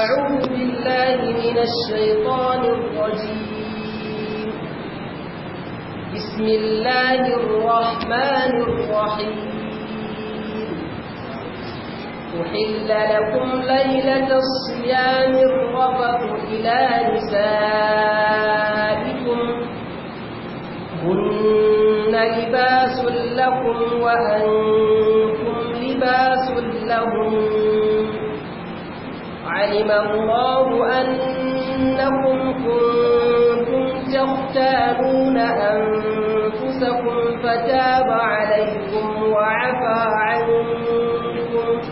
أعوذ بالله من الشيطان الرجيم بسم الله الرحمن الرحيم أحل لكم ليلة الصيام الرفث إلى نسائكم هن لباس لكم وأنتم لباس لهم علم الله أنكم كنتم تختارون أنفسكم فتاب عليكم وعفى عنكم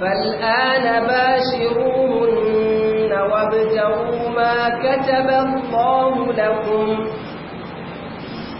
فالآن باشرون وابتغوا ما كتب الله لكم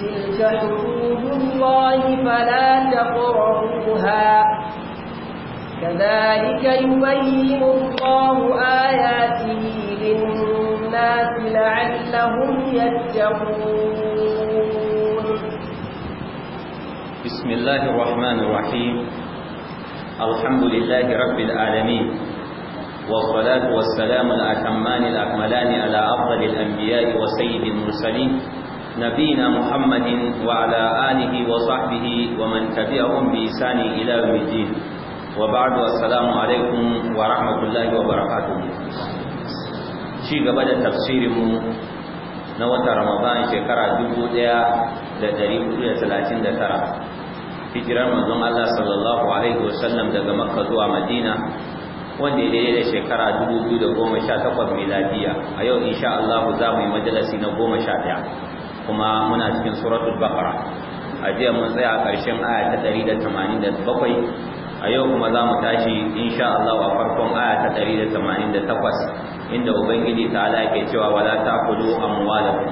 تلك حدود الله فلا تقربوها كذلك يبين الله آياته للناس لعلهم يتقون بسم الله الرحمن الرحيم الحمد لله رب العالمين والصلاة والسلام الأتمان الأكملان على أفضل الأنبياء وسيد المرسلين نبينا محمد وعلى آله وصحبه ومن تبعهم بإحسان إلى يوم الدين وبعد السلام عليكم ورحمة الله وبركاته ci gaba da tafsirinmu na watan ramadan shekara 1439 hijirar manzon Allah sallallahu alaihi wasallam daga makka zuwa madina wanda ya daidai da shekara 2018 miladiya a yau insha Allah za mu yi majalasi na 11 kuma muna cikin suratul baqara a jiya mun tsaya a ƙarshen aya ta 187 a yau kuma za mu tashi insha Allah a farkon aya ta 188 inda ubangiji ta ala ke cewa wala ta ta'kulu amwalakum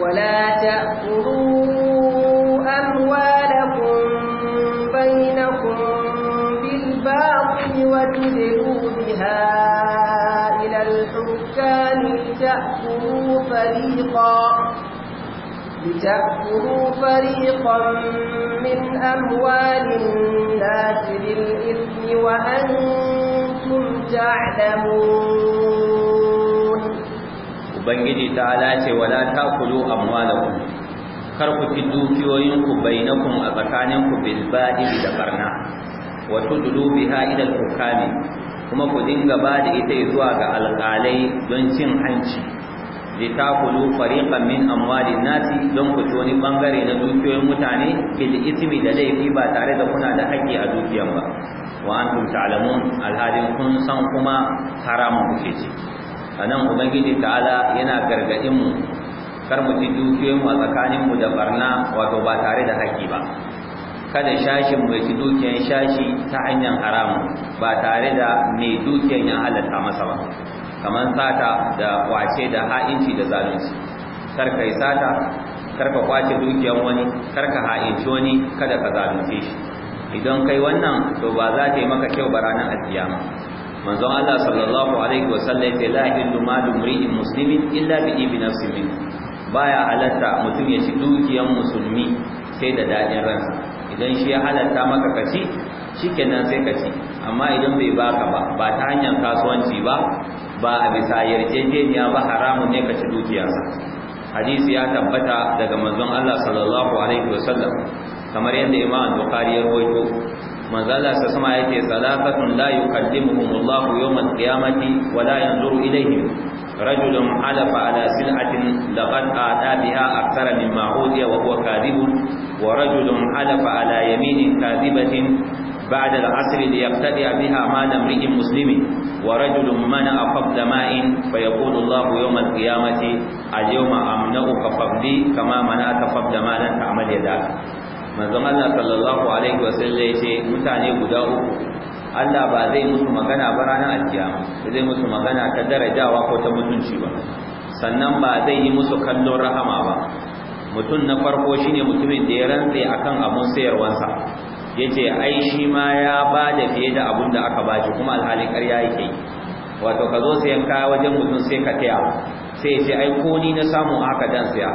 wala ta ta'kulu amwalakum bainakum bil batil wa tudlu biha ila al-hukam ta'kulu fariqan لتأكلوا فريقا من أموال الناس بالإثم وأنتم تعلمون Ubangiji ta alace wala ta kulu amwalakum kar ku ci dukiyoyinku bainakum a tsakaninku bil ba'i da barna wato tudlu biha ila al kuma ku dinga ba da ita zuwa ga alƙalai don cin hanci litakulu fariqan min amwalin nasi don ku ci wani bangare na dukiyoyin mutane bil ismi da laifi ba tare da kuna da haƙƙi a dukiyan ba wa antum ta'lamun alhadin kun san kuma haramun kuke ci anan ubangiji ta'ala yana gargadin mu kar mu ci dukiyoyin mu a tsakanin mu da barna wato ba tare da haƙƙi ba kada shashin mu ci dukiyan shashi ta hanyar haramu ba tare da mai dukiyan ya halatta masa ba kamar sata da kwace da ha'inci da zalunci karka yi sata karka kwace dukiyar wani karka ha'inci wani kada ka zalunce shi idan kai wannan to ba za ta yi maka kyau ba ranar alkiyama manzon Allah sallallahu alaihi wa sallam ya la illu malu mri'in muslimin illa bi ibn nasibin baya halatta mutum ya ci dukiyar musulmi sai da dadin ransa idan shi ya halatta maka kaci shikenan sai kaci amma idan bai baka ba ba ta hanyar kasuwanci ba ba a bisa yarjejeniya ba haramun ne ka ci dukiyarsa hadisi ya tabbata daga manzon Allah sallallahu alaihi wasallam kamar yadda Imam Bukhari ya rawaito manzon Allah sa sama yake salatun la yuqaddimuhum Allah yawm al-qiyamati wa la yanzuru ilayhim rajulun halafa ala sil'atin laqad aata biha akthara mimma udiya wa huwa kadhibun wa rajulun halafa ala yaminin kadhibatin بعد العصر ليقتدي بها مال امرئ مسلم ورجل منع فضل ماء فيقول الله يوم القيامة اليوم أمنعك فضلي كما منعت فضل مالا تعمل يداك manzon Allah sallallahu alaihi wasallam yace mutane guda uku Allah ba zai musu magana ba ranar alkiyama zai musu magana ta darajawa ko ta mutunci ba sannan ba zai yi musu kallon rahama ba mutum na farko shine mutumin da ya rantse akan abun sayarwansa yace ai shi ma ya bada fiye da abun da aka bashi kuma alhalin ƙarya yake wato ka zo sayan kaya wajen mutum sai ka taya sai ce ai ko ni na samu haka dan saya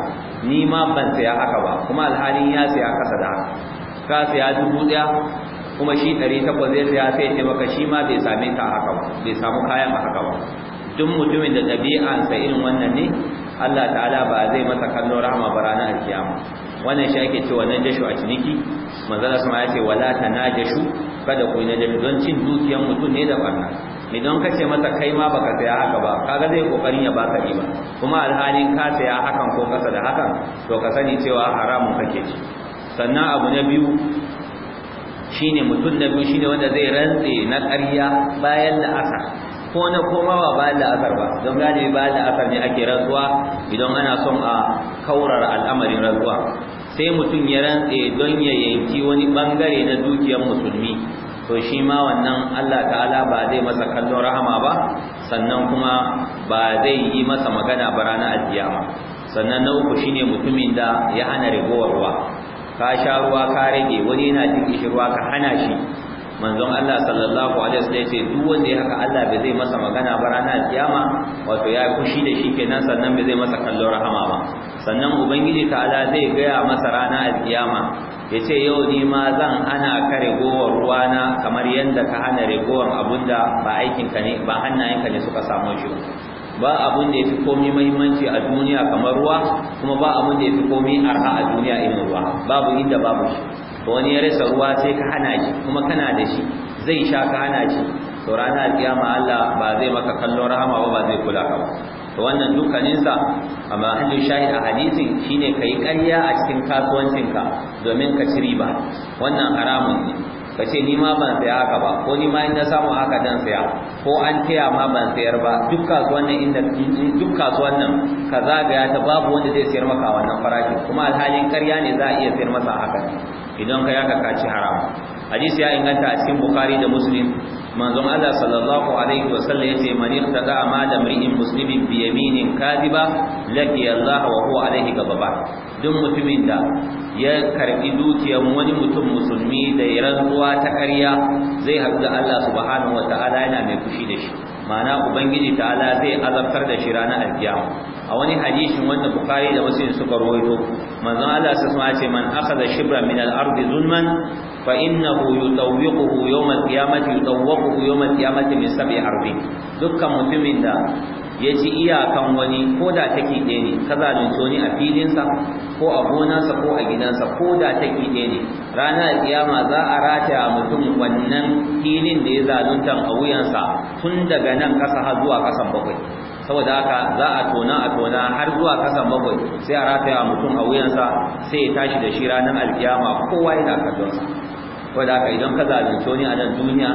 ni ma ban saya haka ba kuma alhalin ya saya kasa da ka saya dubu ɗaya kuma shi ɗari takwas zai saya sai ce maka shi ma bai same ka haka ba bai samu kayan ba haka ba duk mutumin da ɗabi'ansa irin wannan ne Allah ta'ala ba zai masa kallon rahama ba ranar alkiyama wannan shi ake cewa jashu a ciniki manzala sun ya ce wala ta na jashu. kada ku na jashu don cin dukiyan mutum ne da barna idan ka ce masa kai ma baka saya haka ba kaga zai kokarin ya baka riba kuma alhalin ka saya hakan ko kasa da hakan to ka sani cewa haramun kake ci sannan abu na biyu shine mutum na biyu shine wanda zai rantse na ƙarya bayan la'asar ko na koma ba bayan la'asar ba don gane bayan la'asar ne ake rantsuwa idan ana son a kaurara al'amarin rantsuwa sai mutum ya rantse don ya yanki wani bangare na dukiyar musulmi to shi ma wannan Allah ta'ala ba zai masa kallon rahama ba sannan kuma ba zai yi masa magana ba ranar alkiyama sannan na uku shine mutumin da ya hana rigowar ruwa ka sha ruwa ka rage wani yana jin ruwa ka hana shi manzon Allah sallallahu alaihi wasallam yace duk wanda yake haka Allah bai zai masa magana ba ranar kiyama wato ya kushi da shi kenan sannan bai zai masa kallon rahama ba sannan ubangiji ta'ala zai gaya masa ranar alkiyama yace yau ni ma zan hana ka ruwa ruwana kamar yanda ka hana rigowar abunda ba aikin ka ne ba hannayenka ne suka samu shi ba abun da yafi komai muhimmanci a duniya kamar ruwa kuma ba abun da yafi komai arha a duniya irin ruwa babu inda babu shi wani ya rasa ruwa sai ka hana shi kuma kana da shi zai sha ka hana shi to rana kiyama Allah ba zai maka kallon rahama ba ba zai kula ka ba to wannan dukkaninsa a mahallin shahid a hadisi shine kai ƙarya a cikin kasuwancinka domin ka ci riba wannan haramun ne ka ce ni ma ban saya haka ba ko ni ma in na samu haka dan saya ko an taya ma ban sayar ba duk kasuwan inda duk kasuwan ka zagaya ta babu wanda zai sayar maka wannan farashi kuma alhalin ƙarya ne za a iya sayar masa haka idan ka yaka kaci haram hadisi ya inganta a cikin bukhari da muslim manzon Allah sallallahu alaihi wasallam yace man ma da mri'in muslimin bi yaminin kadiba laki Allah wa huwa alaihi gababa duk mutumin da ya karbi dukiyar wani mutum musulmi da rantsuwa ta ƙarya zai haɗu da Allah subhanahu wataala yana mai fushi da shi ma'ana ubangiji ta'ala zai azabtar da shi ranar alkiyama a wani hadisin wanda bukari da muslim suka rawaito manzo Allah sai kuma ce man akhadha shibran min al-ard zulman fa innahu yutawwiquhu yawm al-qiyamati yutawwiquhu yawm al-qiyamati min sab'i ardi dukkan mutumin da ya ci iyakan wani ko da take ɗaya ne ka zalunce wani a filinsa ko a gonarsa ko a gidansa ko da take ɗaya ne ranar kiyama za a rataya mutum wannan filin da ya zalunta a wuyansa tun daga nan ƙasa har zuwa ƙasan bakwai saboda haka za a tona a tona har zuwa kasan bakwai sai a rataya mutum a wuyansa sai ya tashi da shi ranar alkiyama kowa yana kallonsa saboda haka idan ka zalunce wani a nan duniya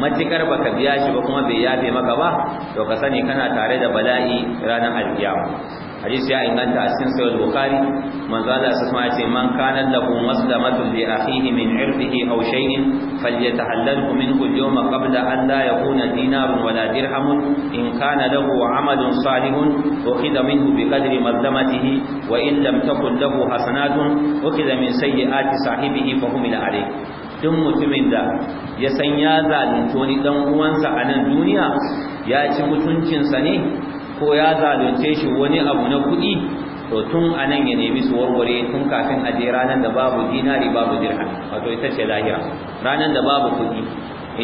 matukar baka biya shi ba kuma bai yafe maka ba to ka sani kana tare da bala'i ranar alkiyama hadisi ya inganta a cikin sahih bukhari manzo Allah sai kuma yace man kana lahu maslamatu li akhihi min irdihi aw shay'in min minhu al-yawma ya an la yakuna dinarun wala dirhamun in kana lahu amalun salihun ukhidha minhu biqadri mazlamatihi wa in lam takun lahu hasanatun ukhidha min sayyiati sahibihi fa humila alayhi duk mutumin da ya san ya zalunci wani dan uwansa a nan duniya ya ci mutuncinsa ne ko ya zalunce shi wani abu na kuɗi to tun a ya nemi su warware tun kafin a je ranar da babu dinari babu dirham wato ita ce lahira ranar da babu kuɗi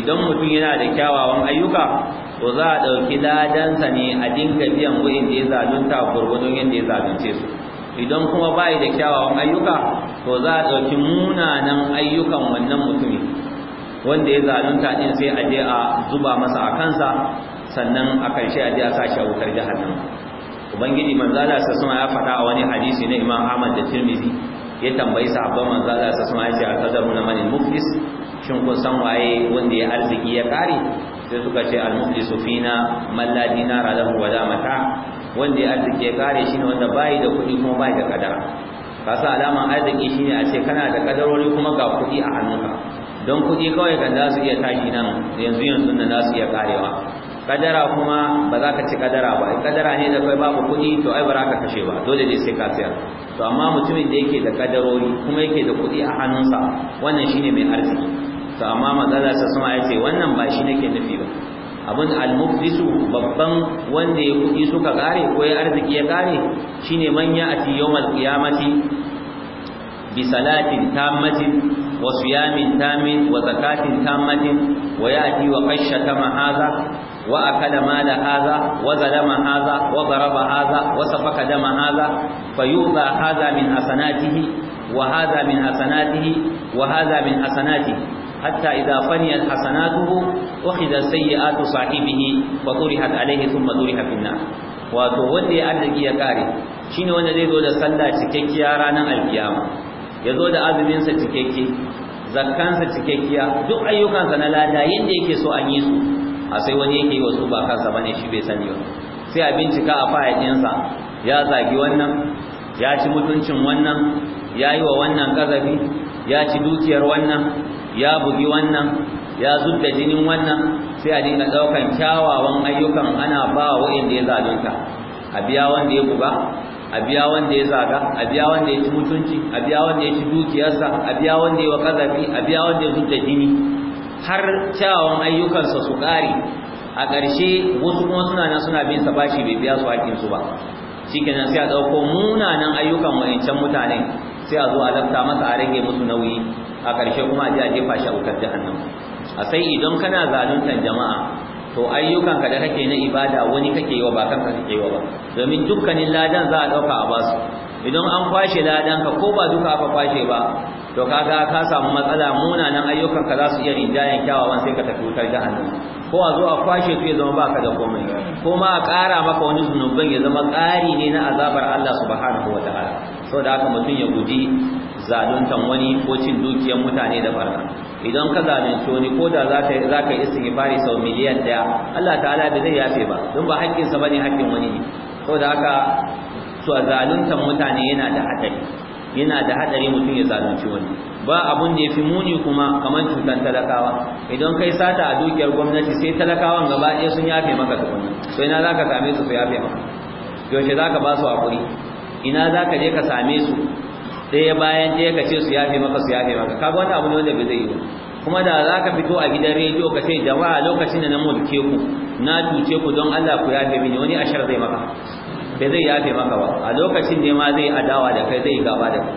idan mutum yana da kyawawan ayyuka to za a ɗauki ladansa ne a dinga biyan wurin da ya zalunta gurgudun yadda ya zalunce su idan kuma bai da kyawawan ayyuka to za a ɗauki munanan ayyukan wannan mutumi wanda ya zalunta ɗin sai a je a zuba masa a kansa sannan a karshe a je a sashi a wutar jahannama ubangiji manzala sa suna ya faɗa a wani hadisi na imam ahmad da tirmidhi ya tambayi sahabban manzala sa suna ya ce a kazaru na manin muflis shin kun san waye wanda ya arziki ya kare sai suka ce al muflisu fina man la dinara lahu wala mata wanda ya arziki ya kare shine wanda bai da kuɗi kuma bai da kadara sa alaman arziki shine a ce kana da kadarori kuma ga kuɗi a hannunka don kuɗi kawai kan za su iya tashi nan yanzu yanzu nan za su iya karewa kadara kuma ba za ka ci kadara ba kadara ne da kai babu kuɗi to ai ba za ka kashe ba dole ne sai ka sayar to amma mutumin da yake da kadarori kuma yake da kuɗi a hannunsa wannan shine mai arziki to amma manzala sa sama ya ce wannan ba shi nake nufi ba abin almuflisu babban wanda ya kuɗi suka kare ko ya arziki ya kare shine manya a ti yawmal qiyamati bi salatin tammatin wa siyamin tammin wa zakatin tammatin wa yati wa qashata ma hadha وأكل مال هذا وظلم هذا وضرب هذا وسفك دم هذا فيؤذى هذا من حسناته وهذا من حسناته وهذا من حسناته حتى إذا فنيت حسناته أخذ سيئات صاحبه وطرحت عليه ثم طرح في النار وتودي أرضك يا كاري شنو wanda zai zo da sallah cikakkiya ranar alkiyama ya zo da azuminsa cikakke zakkansa cikakkiya duk ayyukansa na lada yadda yake so an yi su a sai wani yake yi wa su ba kansa ne shi bai sani ba sai a bincika a fa'idinsa ya zagi wannan ya ci mutuncin wannan ya yi wa wannan kazafi ya ci dukiyar wannan ya bugi wannan ya zubda jinin wannan sai a dinga ɗaukan kyawawan ayyukan ana ba wa da ya zalunta a biya wanda ya buga a biya wanda ya zaga a biya wanda ya ci mutunci a biya wanda ya ci dukiyarsa a biya wanda ya wa kazafi a biya wanda ya zubda jini har kyawawan ayyukansa su ƙari, a ƙarshe wasu kuma suna nan suna bin sa bashi bai biya su hakkin su ba kenan sai a ɗauko munanan ayyukan wayancan mutane sai a zo a lafta masa a rage musu nauyi a ƙarshe kuma a je a jefa shi a wutar jahannama a sai idan kana zaluntar jama'a to ayyukan ka da kake na ibada wani kake yi wa ba kanka kake yi wa ba domin dukkanin ladan za a dauka a basu idan an kwashe ladan ka ko ba duka aka kwashe ba to kaga ka samu matsala munanan ayyukan ka za su iya rinjayen kyawawan sai ka tafi wutar jahannam ko a zo a kwashe su ya zama baka da komai ko ma a ƙara maka wani zunuban ya zama ƙari ne na azabar Allah subhanahu wataala saboda haka mutum ya guji zaluntan wani ko cin dukiyar mutane da barna idan ka zalunci wani ko da za ka yi istighfari sau miliyan ɗaya. Allah ta'ala bai zai yafe ba don ba haƙƙinsa bane haƙƙin wani ne saboda haka to zaluntan mutane yana da haɗari yana da hadari mutum ya zalunci wani ba abun da yafi muni kuma kamar cutar talakawa idan kai sata a dukiyar gwamnati sai talakawan gaba ɗaya sun yafe maka tukuna So ina zaka same su ku yafe maka yaushe zaka ba su hakuri ina zaka je ka same su ɗaya bayan ɗaya ka ce su yafe maka su yafe maka kaga wani abu ne wanda bai zai yi ba kuma da za ka fito a gidan rediyo ka ce jama'a lokacin da na mulke ku na tuce ku don Allah ku yafe mini wani ashar zai maka bai zai yafe maka ba a lokacin ne ma zai adawa da kai zai gaba da kai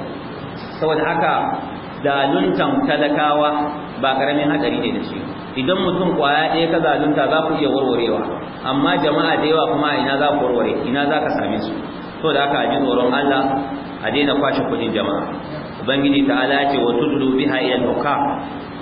saboda haka zaluntan talakawa ba karamin hadari ne da shi idan mutum kwaya ɗaya ka zalunta za ku iya warwarewa amma jama'a da yawa kuma ina za ku warware ina za ka same su to da haka a ji tsoron Allah a daina kwashe kuɗin jama'a ubangiji ta'ala ce wa tudlu biha ila al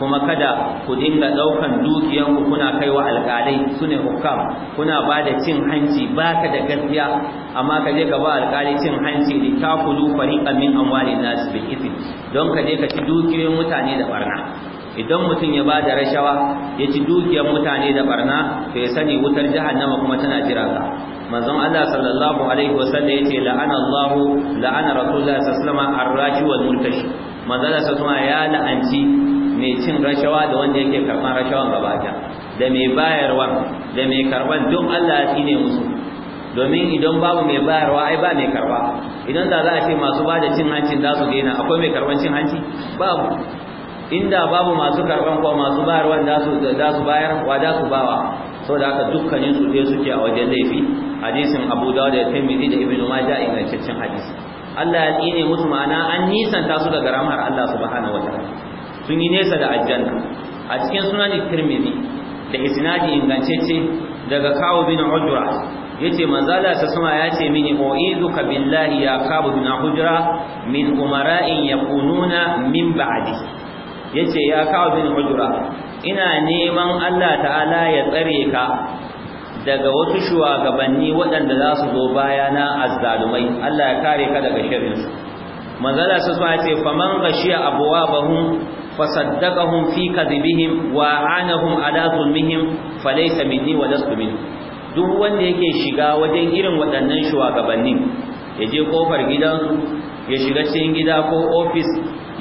kuma kada ku dinga daukan dukiyanku kuna kaiwa alƙalai sune hukam kuna ba da cin hanci baka da gaskiya amma ka je ka ba alƙalai cin hanci li takulu fariqan min amwalin nas bil ithm don ka je ka ci dukiyoyin mutane da barna idan mutum ya ba da rashawa ya ci dukiyar mutane da barna to ya sani wutar jahannama kuma tana jira ka manzon Allah sallallahu alaihi wasallam yace la'ana Allah la'ana rasulullah sallallahu alaihi wasallam ar-raji wal manzon Allah sallallahu ya la'anci mai cin rashawa da wanda yake karban rashawan gaba da mai bayarwa da mai karban duk Allah ya tsine musu domin idan babu mai bayarwa ai ba mai karba idan da za a ce masu bada cin hancin za su daina akwai mai karban cin hanci babu inda babu masu karban ko masu bayarwa da su da su bayar wa da su bawa saboda haka dukkanin su dai suke a wajen laifi hadisin Abu Dawud da Tirmidhi da Ibn Majah ingantaccen hadisi Allah ya tsine musu ma'ana an ta su daga ramar Allah subhanahu wataala sun yi nesa da ajiyar a cikin sunan tirmidhi da isnadi ce daga kawo bin ya yace manzo ta suna sama ce mini u'izuka billahi ya kawo bin hujjura? min umara'in kununa min ya yace ya kawo bin ujra ina neman Allah ta'ala ya tsare ka daga wasu shugabanni waɗanda za su zo baya na azzalumai Allah ya kare ka daga shirin manzala suna ya ce faman gashiya abwabahum fasaddaqahum fi kadhibihim wa anahum ala zulmihim falaysa minni wa duk wanda yake shiga wajen irin waɗannan shugabannin ya je kofar gidansu ya shiga cikin gida ko ofis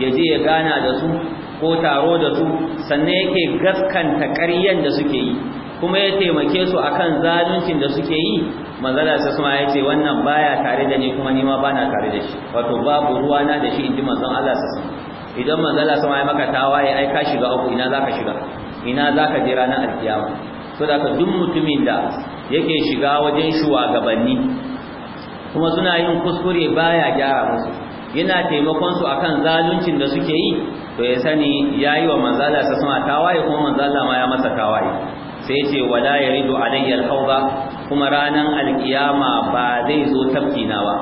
ya je ya gana da su ko taro da su sannan yake gaskanta ƙaryan da suke yi kuma ya taimake su akan zaluncin da suke yi manzala sai kuma ya ce wannan baya tare da ni kuma ni ma bana tare da shi wato babu ruwana da shi inji manzon Allah sai idan manzala sama ya maka tawaye ai ka shiga uku ina zaka shiga ina zaka je ranar alkiyama to da duk mutumin da yake shiga wajen shugabanni kuma suna yin kuskure baya gyara musu yana taimakon su akan zaluncin da suke yi to ya sani yayi wa manzala sama tawaye kuma manzala ma ya masa tawaye sai ya ce wala yaridu alayya alhawda kuma ranan alkiyama ba zai zo tafkina ba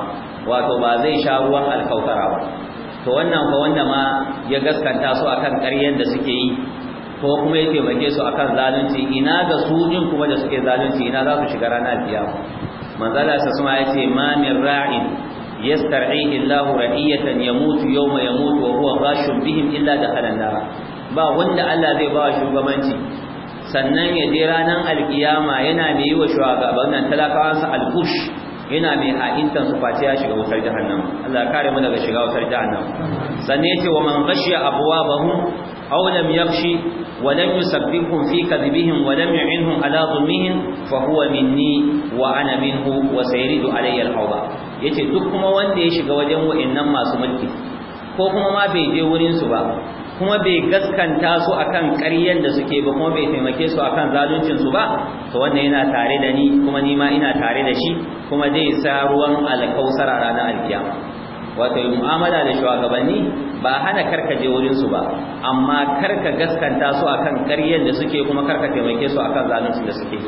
wato ba zai sha ruwan alkautara ba to wannan fa wanda ma ya gaskanta su akan ƙaryen da suke yi ko kuma ya taimake su akan zalunci ina ga su din kuma da suke zalunci ina za su shiga ranar kiyama manzala sa suma yace ma min ra'in yastar'ihi illahu ra'iyatan yamutu yawma yamutu wa huwa ghashun bihim illa dakhala an-nar ba wanda Allah zai ba shugabanci sannan ya je ranar alkiyama yana mai yi wa shugabannin talakawansa alkush yana mai ha'intan su face ya shiga wutar jahannama Allah kare mu daga shiga wutar jahannama sanne yace wa man ghashiya abwabahum aw lam yaghshi wa lam yusabbihum fi kadhibihim wa lam yu'inhum ala dhulmihim fa huwa minni wa ana minhu wa sayridu alayya al-hawba yace duk kuma wanda ya shiga wajen wa'annan masu mulki ko kuma ma bai je wurin su ba kuma bai gaskanta su akan ƙaryen da suke ba kuma bai taimake su akan zaluncin su ba to wannan yana tare da ni kuma ni ma ina tare da shi kuma zai sa ruwan alkausar ranar alkiyama wato mu'amala da shugabanni ba hana karka je wurin su ba amma karka gaskanta su akan ƙaryar da suke kuma karka taimake su akan zalunci da suke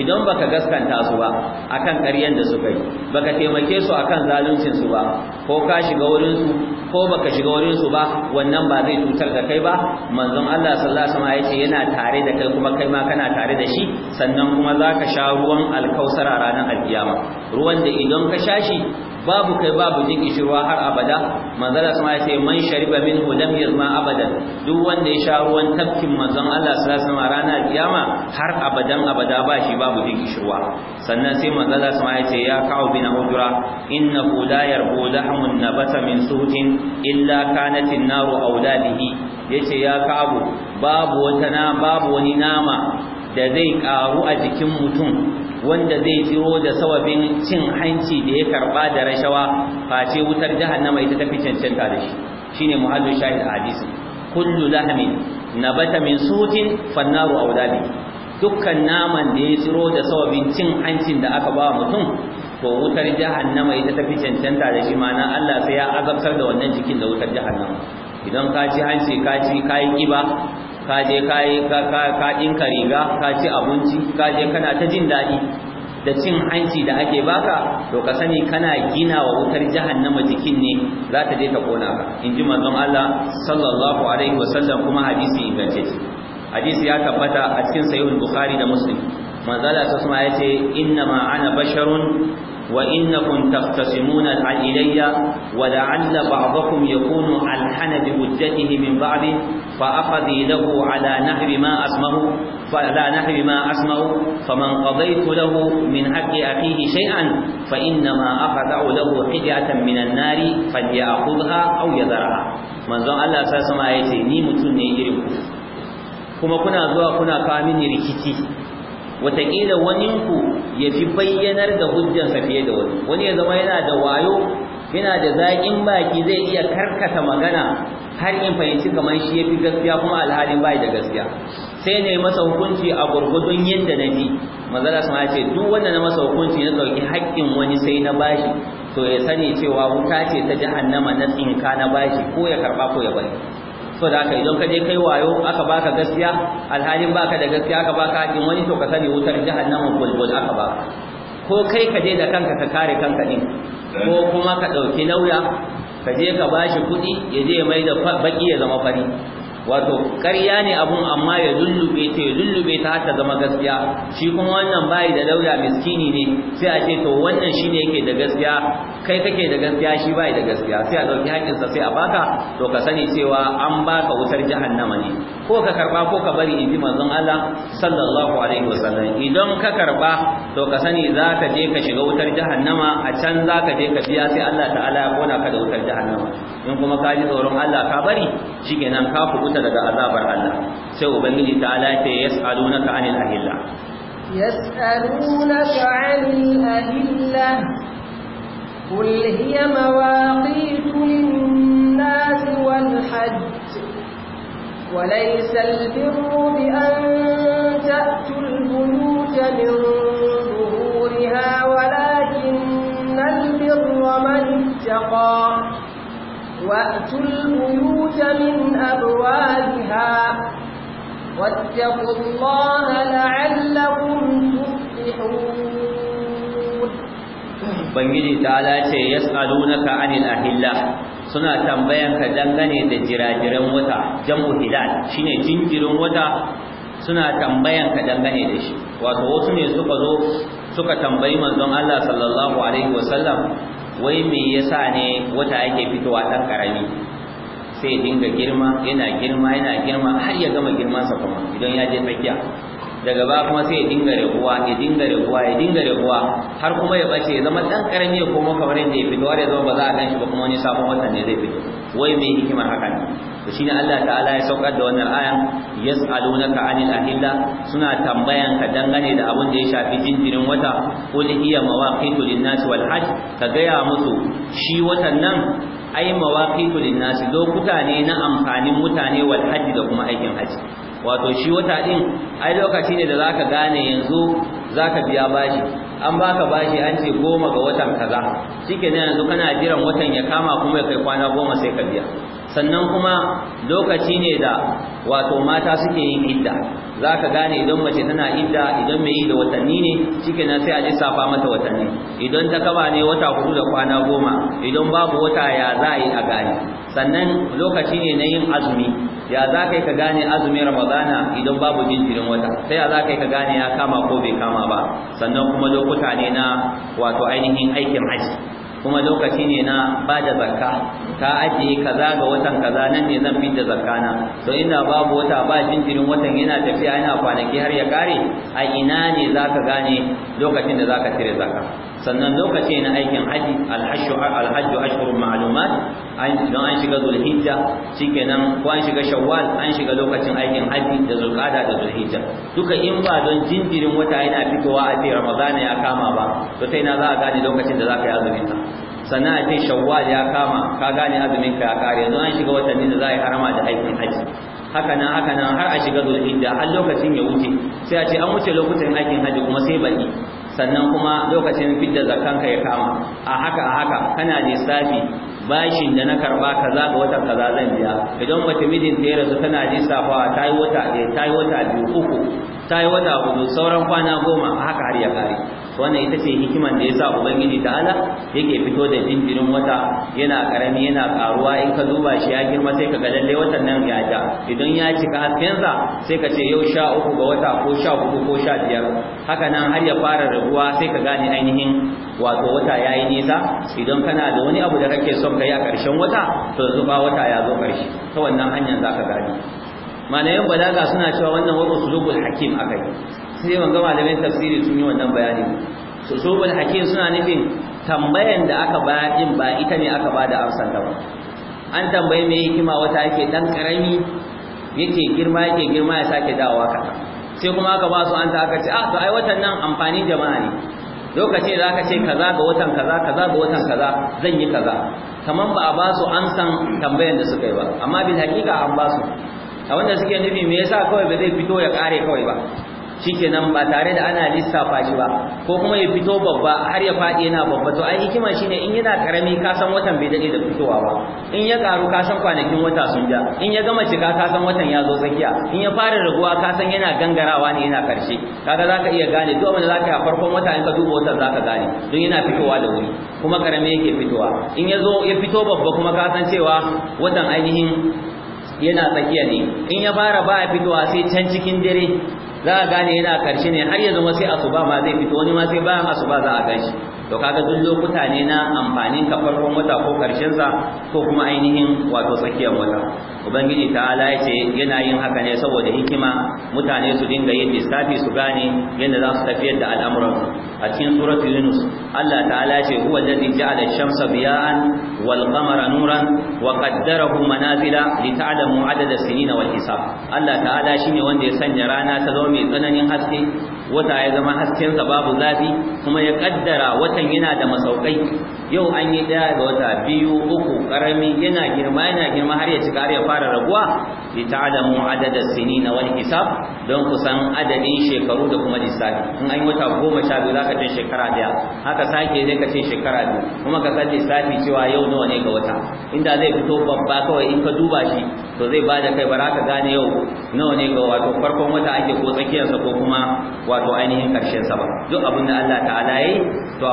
idan baka gaskanta su ba akan ƙaryen da suka yi baka taimake su akan zaluncin su ba ko ka shiga wurin su ko baka shiga wurin su ba wannan ba zai cutar da kai ba manzon Allah sallallahu alaihi wasallam ya ce yana tare da kai kuma kai ma kana tare da shi sannan kuma zaka sha ruwan alkausar a ranar alkiyama ruwan da idan ka sha shi babu kai babu jin kishirwa har abada manzala sama ya ce man shariba minhu lam yazma abada. duk wanda ya sha ruwan tafkin manzon Allah sallallahu alaihi wasallam ranar kiyama har abadan abada ba shi babu jin kishirwa sannan sai manzala sama ya ce ya kawo bina ujra innahu la yarbu lahmun nabata min sutin illa kanat an-naru awladihi yace ya kawo babu wata na babu wani nama da zai karu a jikin mutum wanda zai tsiro da sawabin cin hanci da ya karba da rashawa face wutar jahannama ita tafi cancanta da shi shine muhallu shahid hadisi kullu lahmin nabata min sutin fannaru awdali dukkan naman da ya tsiro da sawabin cin hancin da aka ba mutum to wutar jahannama ita tafi cancanta da shi ma'ana Allah sai ya azabtar da wannan jikin da wutar jahannama idan ka ci hanci ka ci kayi kiba ka je ka ɗinka riga ka ci abinci ka je kana ta jin daɗi da cin hanci da ake baka to ka sani kana gina wa wutar jahannama jikin ne za ta je ta kona ka in ji manzon Allah sallallahu alaihi wasallam kuma hadisi ingance hadisi ya tabbata a cikin sahihul bukhari da muslim manzala ta kuma yace inna ma ana basharun وإنكم تختصمون إلي ولعل بعضكم يكون ألحن بمدته من بعد فأقضي له على نهر ما أسمه فلا نهر ما أسمه فمن قضيت له من حق أخيه شيئا فإنما أخضع له حجة من النار فليأخذها أو يذرها من ذو الله سلسما يتيني متني إرمكم kuma kuna zuwa kuna kawo mini rikici wataƙila waninku ya fi bayyanar da hujjansa fiye da wani wani ya zama yana da wayo yana da zaƙin baki zai iya karkata magana har in fahimci kamar shi ya fi gaskiya kuma alhalin bai da gaskiya sai ne masa hukunci a gurgudun yadda na bi mazala sun ce duk wanda na masa hukunci na ɗauki haƙƙin wani sai na bashi to ya sani cewa wuta ce ta jahannama na tsinka na bashi ko ya karɓa ko ya bari so da haka idan ka je kai wayo aka baka gaskiya alhalin baka da gaskiya aka baka hakin wani to ka sani wutar jahannama bulbul aka baka ko kai ka je da kanka ka kare kanka din ko kuma ka dauki lauya ka je ka bashi kuɗi ya je mai da baki ya zama fari wato ƙarya ne abun amma ya lullube ta ya lullube ta haka zama gaskiya shi kuma wannan bayi da lauya miskini ne sai a ce to wannan shine yake da gaskiya kai kake da gaskiya shi bayi da gaskiya sai a dauki haƙƙinsa sai a baka to ka sani cewa an baka wutar jahannama ne ko ka karba ko ka bari inji manzon Allah sallallahu alaihi wasallam idan ka karba to ka sani za ka je ka shiga wutar jahannama a can za ka je ka biya sai Allah ta'ala ya kona ka da wutar jahannama in kuma ka ji tsoron Allah ka bari shikenan ka kubuta daga azabar Allah sai ubangiji ta ala ta yas'alunaka anil ahilla yas'alunaka anil ahilla قل هي مواقيت للناس والحج وليس البر بأن تأتوا البيوت من ظهورها ولكن البر من اتقى وأتوا البيوت من أبوابها واتقوا الله لعلكم تفلحون Ubangiji ta ce yas'alunaka anil ahilla suna tambayanka dangane da jirajiran wata jam'u hilal shine jinjirin wata suna tambayanka dangane da shi wato wasu ne suka zo suka tambayi manzon Allah sallallahu alaihi wasallam wai me yasa ne wata yake fitowa dan karami sai dinga girma yana girma yana girma har ya gama girman sa kuma idan ya je tsakiya daga ba kuma sai ya dinga rabuwa ya dinga rabuwa ya dinga rabuwa har kuma ya bace ya zama dan karami ya koma kamar yadda ya fito har ya zama ba za a ganshi ba kuma wani sabon watan ne zai fito wai me hikimar haka ne to shine Allah ta'ala ya saukar da wannan ayan yas'alunaka 'anil ahilla suna tambayan ka dangane da abun da ya shafi jinjirin wata qul hiya mawaqitu lin-nas wal hajj ka gaya musu shi watan nan ai mawaqitu lin-nas lokuta ne na amfanin mutane wal hajj da kuma aikin hajji wato shi wata din ai lokaci ne da zaka gane yanzu zaka biya bashi an baka bashi an ce goma ga watan kaza shikenan yanzu kana jiran watan ya kama kuma ya kai kwana goma sai ka biya sannan kuma lokaci ne da wato mata suke yin idda zaka gane idan mace tana idda idan mai yi da watanni ne shikenan sai a safa mata watanni idan ta kaba ne wata hudu da kwana goma idan babu wata ya za a yi a gane sannan lokaci ne na yin azumi ya za kai ka gane azumin ramadana idan babu jinjirin wata sai ya za kai ka gane ya kama ko bai kama ba sannan kuma lokuta ne na wato ainihin aikin haji kuma lokaci ne na ba da zakka ka ajiye kaza ga watan kaza nan ne zan fidda na to ina babu wata ba jinjirin watan yana tafiya yana kwanaki har ya kare a ina ne za ka gane lokacin da za ka cire zakka sannan lokaci na aikin haji alhajju alhajju ashhurun ma'lumat an don an shiga zulhijja shikenan ko an shiga shawwal an shiga lokacin aikin haji da zulqada da zulhijja duka in ba don jinjirin wata yana fitowa a ce ramadan ya kama ba to sai na za a gane lokacin da zaka yi azumin ka sannan a ce shawwal ya kama ka gane azumin ka ya kare yanzu an shiga watanni da za a yi harama da aikin haji haka nan haka nan har a shiga zulhijja har lokacin ya wuce sai a ce an wuce lokacin aikin haji kuma sai baki sannan kuma lokacin fidda zakanka ya kama a haka a haka kana lissafi bashin da na karba kaza ga watan kaza zan biya idan mace mijin ta ya rasu tana lissafawa ta wata da ta wata biyu uku ta wata hudu sauran kwana goma a haka har ya kare wannan ita ce hikiman da ya yasa ubangiji ala yake fito da jinjirin wata yana karami yana karuwa in ka duba shi ya girma sai ka ga lalle watan nan ya ja idan ya cika haskensa sai ka ce yau sha uku ga wata ko sha hudu ko sha biyar haka nan har ya fara raguwa sai ka gane ainihin wato wata yayi nisa idan kana da wani abu da kake son ka yi a ƙarshen wata to zuba ba wata ya zo ƙarshe ta wannan hanyar zaka gane malayan balaga suna cewa wannan wani usulubul hakim akai sai ga malamin tafsiri sun yi wannan bayani so shubul hakim suna nufin tambayan da aka bayar din ba ita ne aka bada amsar ta ba an tambaye me hikima wata yake dan karami yake girma yake girma ya sake dawowa ka sai kuma aka ba su an ta aka ce ah to ai watan nan amfani jama'a ne lokaci da aka ce kaza ga watan kaza kaza ga watan kaza zan yi kaza kaman ba a ba su san tambayan da suka yi ba amma bil hakika an ba su a wanda suke nufi me yasa kawai ba zai fito ya kare kawai ba shikenan ba tare da ana lissafa shi ba ko kuma ya fito babba har ya faɗi yana babba to ai hikima ne in yana karami ka san watan bai dade da fitowa ba in ya karu ka san kwanakin wata sun ja in ya gama cika ka san watan ya zo tsakiya in ya fara raguwa ka san yana gangarawa ne yana karshe kaga zaka iya gane duk abin da zaka yi a farkon wata in ka duba watan zaka gane don yana fitowa da wuri kuma karami yake fitowa in ya zo ya fito babba kuma ka san cewa watan ainihin yana tsakiya ne in ya fara ba ya fitowa sai can cikin dare za a gane yana karshe ne har yanzu ma sai asuba ma zai fito wani ma sai bayan asuba za a gashi to kaga duk lokuta ne na amfanin ka farkon wata ko karshen sa ko kuma ainihin wato tsakiyar wata ubangiji ta'ala ya ce yana yin haka ne saboda hikima mutane su dinga yin lissafi su gane yadda za su tafiyar da al'amuran a cikin suratu yunus Allah ta'ala ya ce huwa alladhi ja'ala ash-shamsa biya'an wal qamara nuran wa qaddarahu manazila li ta'lamu adada as-sinina wal hisab Allah ta'ala shine wanda ya sanya rana ta zama mai tsananin haske wata ya zama sa babu zafi kuma ya kaddara watan yana da masaukai yau an yi daya ga wata biyu uku karami yana girma yana girma har ya cika har ya fara raguwa li ta'lamu adada sinina wal hisab don kusan adadin shekaru da kuma lissafi in an yi wata goma sha biyu za ka ce shekara daya haka sake zai ka ce shekara biyu kuma ka san lissafi cewa yau nawa ne ga wata inda zai fito babba kawai in ka duba shi to zai ba da kai ba za ka gane yau nawa ne ga wato farkon wata ake ko tsakiyarsa ko kuma wato ainihin karshen sa ba duk abin da Allah ta'ala yayi to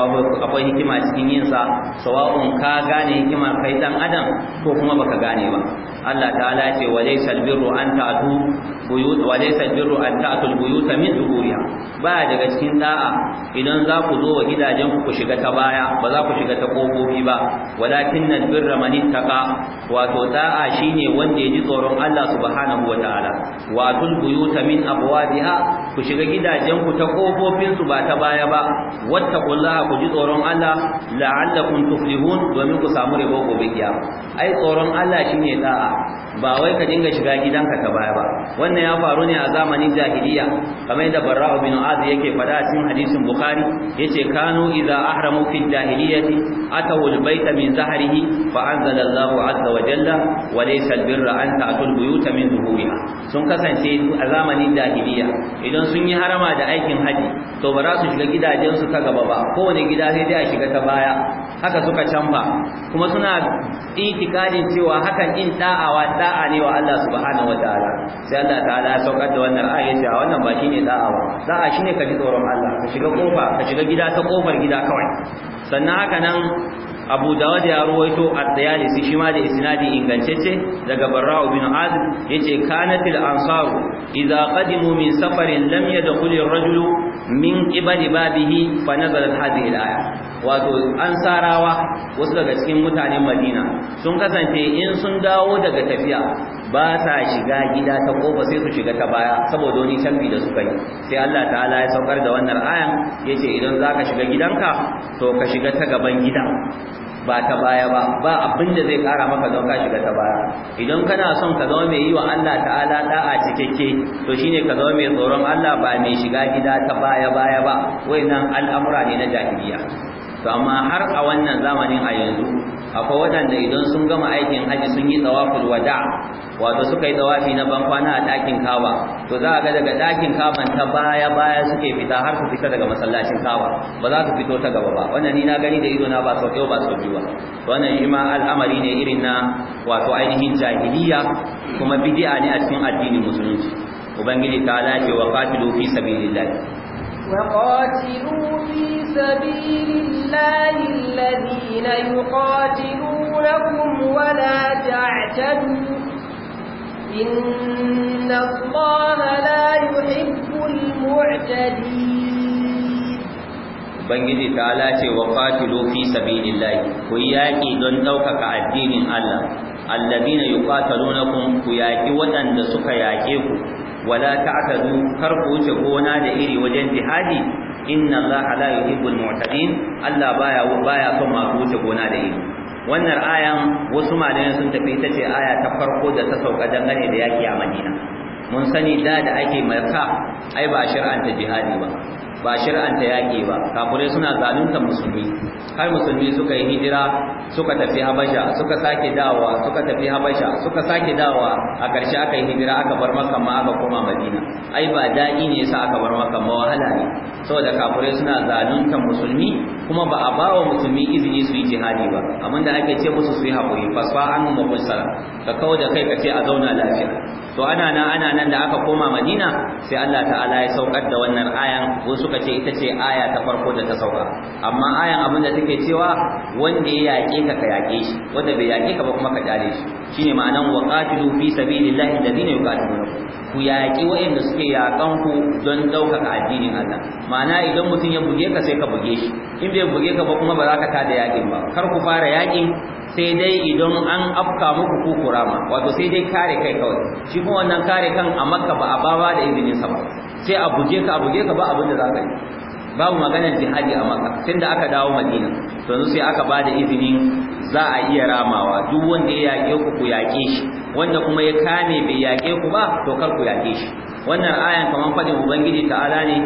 akwai hikima cikin yin sa sawa'un ka gane hikimar kai dan adam ko kuma baka gane ba Allah ta'ala ya ce wa laysa albirru an ta'tu buyut wa laysa albirru an ta'tu albuyuta min zuhuriha ba daga cikin da'a idan za ku zo wa gidajen ku shiga ta baya ba za ku shiga ta kofofi ba walakin albirra man ittaqa wato da'a shine wanda ya ji tsoron Allah subhanahu wataala wa atul buyuta min abwabiha ku shiga gidajen ku ta kofofin su ba ta baya ba wattaqullaha ku ji tsoron Allah la'allakum tuflihun domin ku samu rabo gobe kiyama ai tsoron Allah shine da'a ba wai ka dinga shiga gidanka ka baya ba wannan ya faru ne a zamanin jahiliya kamar yadda barra'u bin az yake fada a cikin hadisin bukhari yace kanu idza ahramu fi jahiliyati atawu albayta min zahrihi fa anzala Allah azza wa jalla wa laysa albirra an ta'tul buyuta min zuhuriha sun kasance a zamanin jahiliya idan sun yi harama da aikin haji to ba za su shiga gidajen su ta gaba ba kowane gida sai dai a shiga ta baya haka suka canfa kuma suna itikadin cewa hakan din da da'awa da'a ne wa Allah subhanahu wataala sai Allah ta'ala ya saukar da wannan aya ce wannan ba shine da'awa ba da'a shine ka ji tsoron Allah ka shiga kofa ka shiga gida ta kofar gida kawai sannan haka nan abu dawud ya ruwaito at-tayalisi shi ma da isnadi ingantacce daga barra'u bin azib yace kanatil ansaru idza qadimu min safarin lam yadkhulir rajulu min qibali babihi fa nazalat hadhihi al-aya wato ansarawa wasu daga cikin mutanen madina sun kasance in sun dawo daga tafiya ba sa shiga gida ta kofa sai su shiga ta baya saboda wani canfi da suka yi sai Allah ta'ala ya saukar da wannan ayan ce idan za ka shiga gidanka to ka shiga ta gaban gida ba ta baya ba ba abin da zai kara maka don ka shiga ta baya idan kana son ka zama mai yi wa Allah ta'ala da'a cikakke to shine ka zama mai tsoron Allah ba mai shiga gida ta baya baya ba nan al'amura ne na jahiliya to amma har a wannan zamanin a yanzu akwai waɗanda idan sun gama aikin haji sun yi tsawafin wada wato suka yi tsawafi na bankwana a ɗakin kaba to za a ga daga ɗakin kaban ta baya baya suke fita har su fita daga masallacin kaba ba za su fito ta gaba ba wannan ni na gani da ido na ba sauƙi ba sau biyu ba wannan shi ma al'amari ne irin na wato ainihin jahiliya kuma bidi'a ne a cikin addinin musulunci ubangiji ta lace wa qatilu fi sabilillah وقاتلوا في سبيل الله الذين يقاتلونكم ولا تعتدوا إن الله لا يحب المعتدين Ubangiji ta lace wa qatilu fi sabilillahi ku yaki don ɗaukaka addinin Allah alladhina yuqatalunakum ku yaƙi waɗanda suka yake ku wala ta'tadu kar ku wuce gona da iri wajen jihadi inna allaha la yuhibbul mu'tadin allah baya baya son masu wuce gona da iri wannan ayan wasu malamai sun tafi ita ce aya ta farko da ta sauka dangane da yaki a madina mun sani da da ake marka ai ba shir'anta jihadi ba ba shir'anta yaƙi ba kafirai suna zalunta musulmi har musulmi suka yi hijira suka tafi habasha suka sake dawa suka tafi habasha suka sake dawa a ƙarshe aka yi hijira aka bar makka ma aka koma madina ai ba daɗi ne yasa aka bar makka ma wahala ne saboda kafirai suna zalunta musulmi kuma ba a bawa musulmi izini su yi jihadi ba da ake ce musu su yi haƙuri fasfa an mu ka kawo da kai ka ce a zauna lafiya to ana nan ana nan da aka koma madina sai Allah ta'ala ya saukar da wannan ayan ko suka ce ita ce aya ta farko da ta sauka amma ayan abin da take cewa wanda ya yake ka ka shi wanda bai yake ka ba kuma ka jare shi shine ma'anan wa qatilu fi sabilillahi alladhina yuqatilunakum ku yaqi inda suke yaƙan ku don ɗaukaka addinin Allah ma'ana idan mutum ya buge ka sai ka buge shi in bai buge ka ba kuma ba za ka kada yaƙin ba kar ku fara yaƙin sai dai idan an afka muku ku kurama wato sai dai kare kai kawai shi kuma wannan kare kan a makka ba a bawa da izinin sa ba sai a buge ka a buge ka ba abinda za ka yi babu maganar jihadi a maka da aka dawo madina to yanzu sai aka bada izinin za a iya ramawa duk wanda ya yaƙe ku ku yaƙe shi wanda kuma ya kame bai yaƙe ku ba to kar ku yaƙe shi wannan ayan kamar fadin ubangiji ta'ala ne